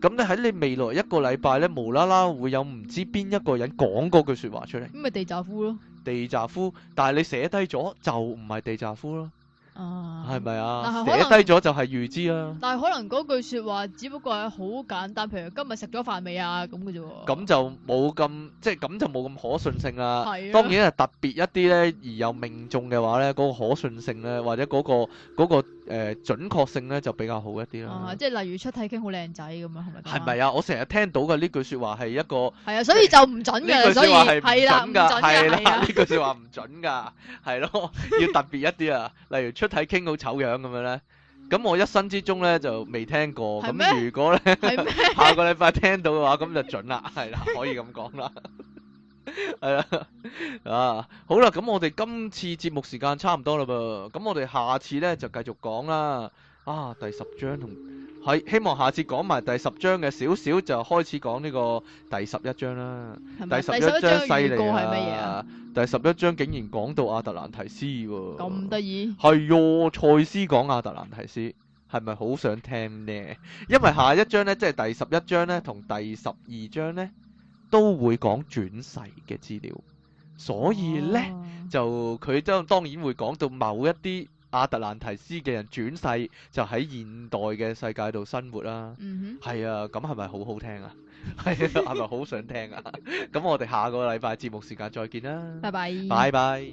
咁你喺你未來一個禮拜咧，無啦啦會有唔知邊一個人講嗰句說話出嚟。咁咪地詐夫咯？地詐夫，但係你寫低咗就唔係地詐夫咯。啊，係咪啊？但寫低咗就係預知啦。但係可能嗰句說話只不過係好簡單，譬如今日食咗飯未啊咁嘅啫。咁就冇咁，即係咁就冇咁可信性啦係，啊、當然係特別一啲咧，而有命中嘅話咧，嗰、嗰個可信性咧，或者嗰個嗰個。嗰個誒準確性咧就比較好一啲啦、啊，即係例如出體傾好靚仔咁樣，係咪？係咪啊？我成日聽到嘅呢句説話係一個係啊，所以就唔準嘅。呢句説話係唔準㗎，所以係啦、係啦，呢句説話唔準㗎，係咯，要特別一啲啊。例如出體傾好醜樣咁樣咧，咁我一生之中咧就未聽過。咁嗎如果咧嗎 [LAUGHS] 下個禮拜聽到嘅話，咁就準啦，係啦、 [LAUGHS] 啊，可以咁講啦。係 [LAUGHS] 啊，啊好啦，咁我哋今次節目時間差唔多啦噃，咁我哋下次呢就繼續講啦。啊，第十章同係、嗯、希望下次講埋第十章嘅少少，就開始講呢個第十一章啦。吧第十一章犀利啊！啊第十一章竟然講到亞特蘭提斯喎、啊，咁得意係喲！賽斯講亞特蘭提斯，係咪好想聽呢？因為下一章呢，即係第十一章呢，同第十二章呢。都會講轉世嘅資料，所以呢，哦、就佢將當然會講到某一啲阿特蘭提斯嘅人轉世就喺現代嘅世界度生活啦、啊。嗯哼，係啊，咁係咪好好聽啊？係啊，係咪好想聽啊？咁 [LAUGHS] 我哋下個禮拜節目時間再見啦。拜拜 bye。拜拜。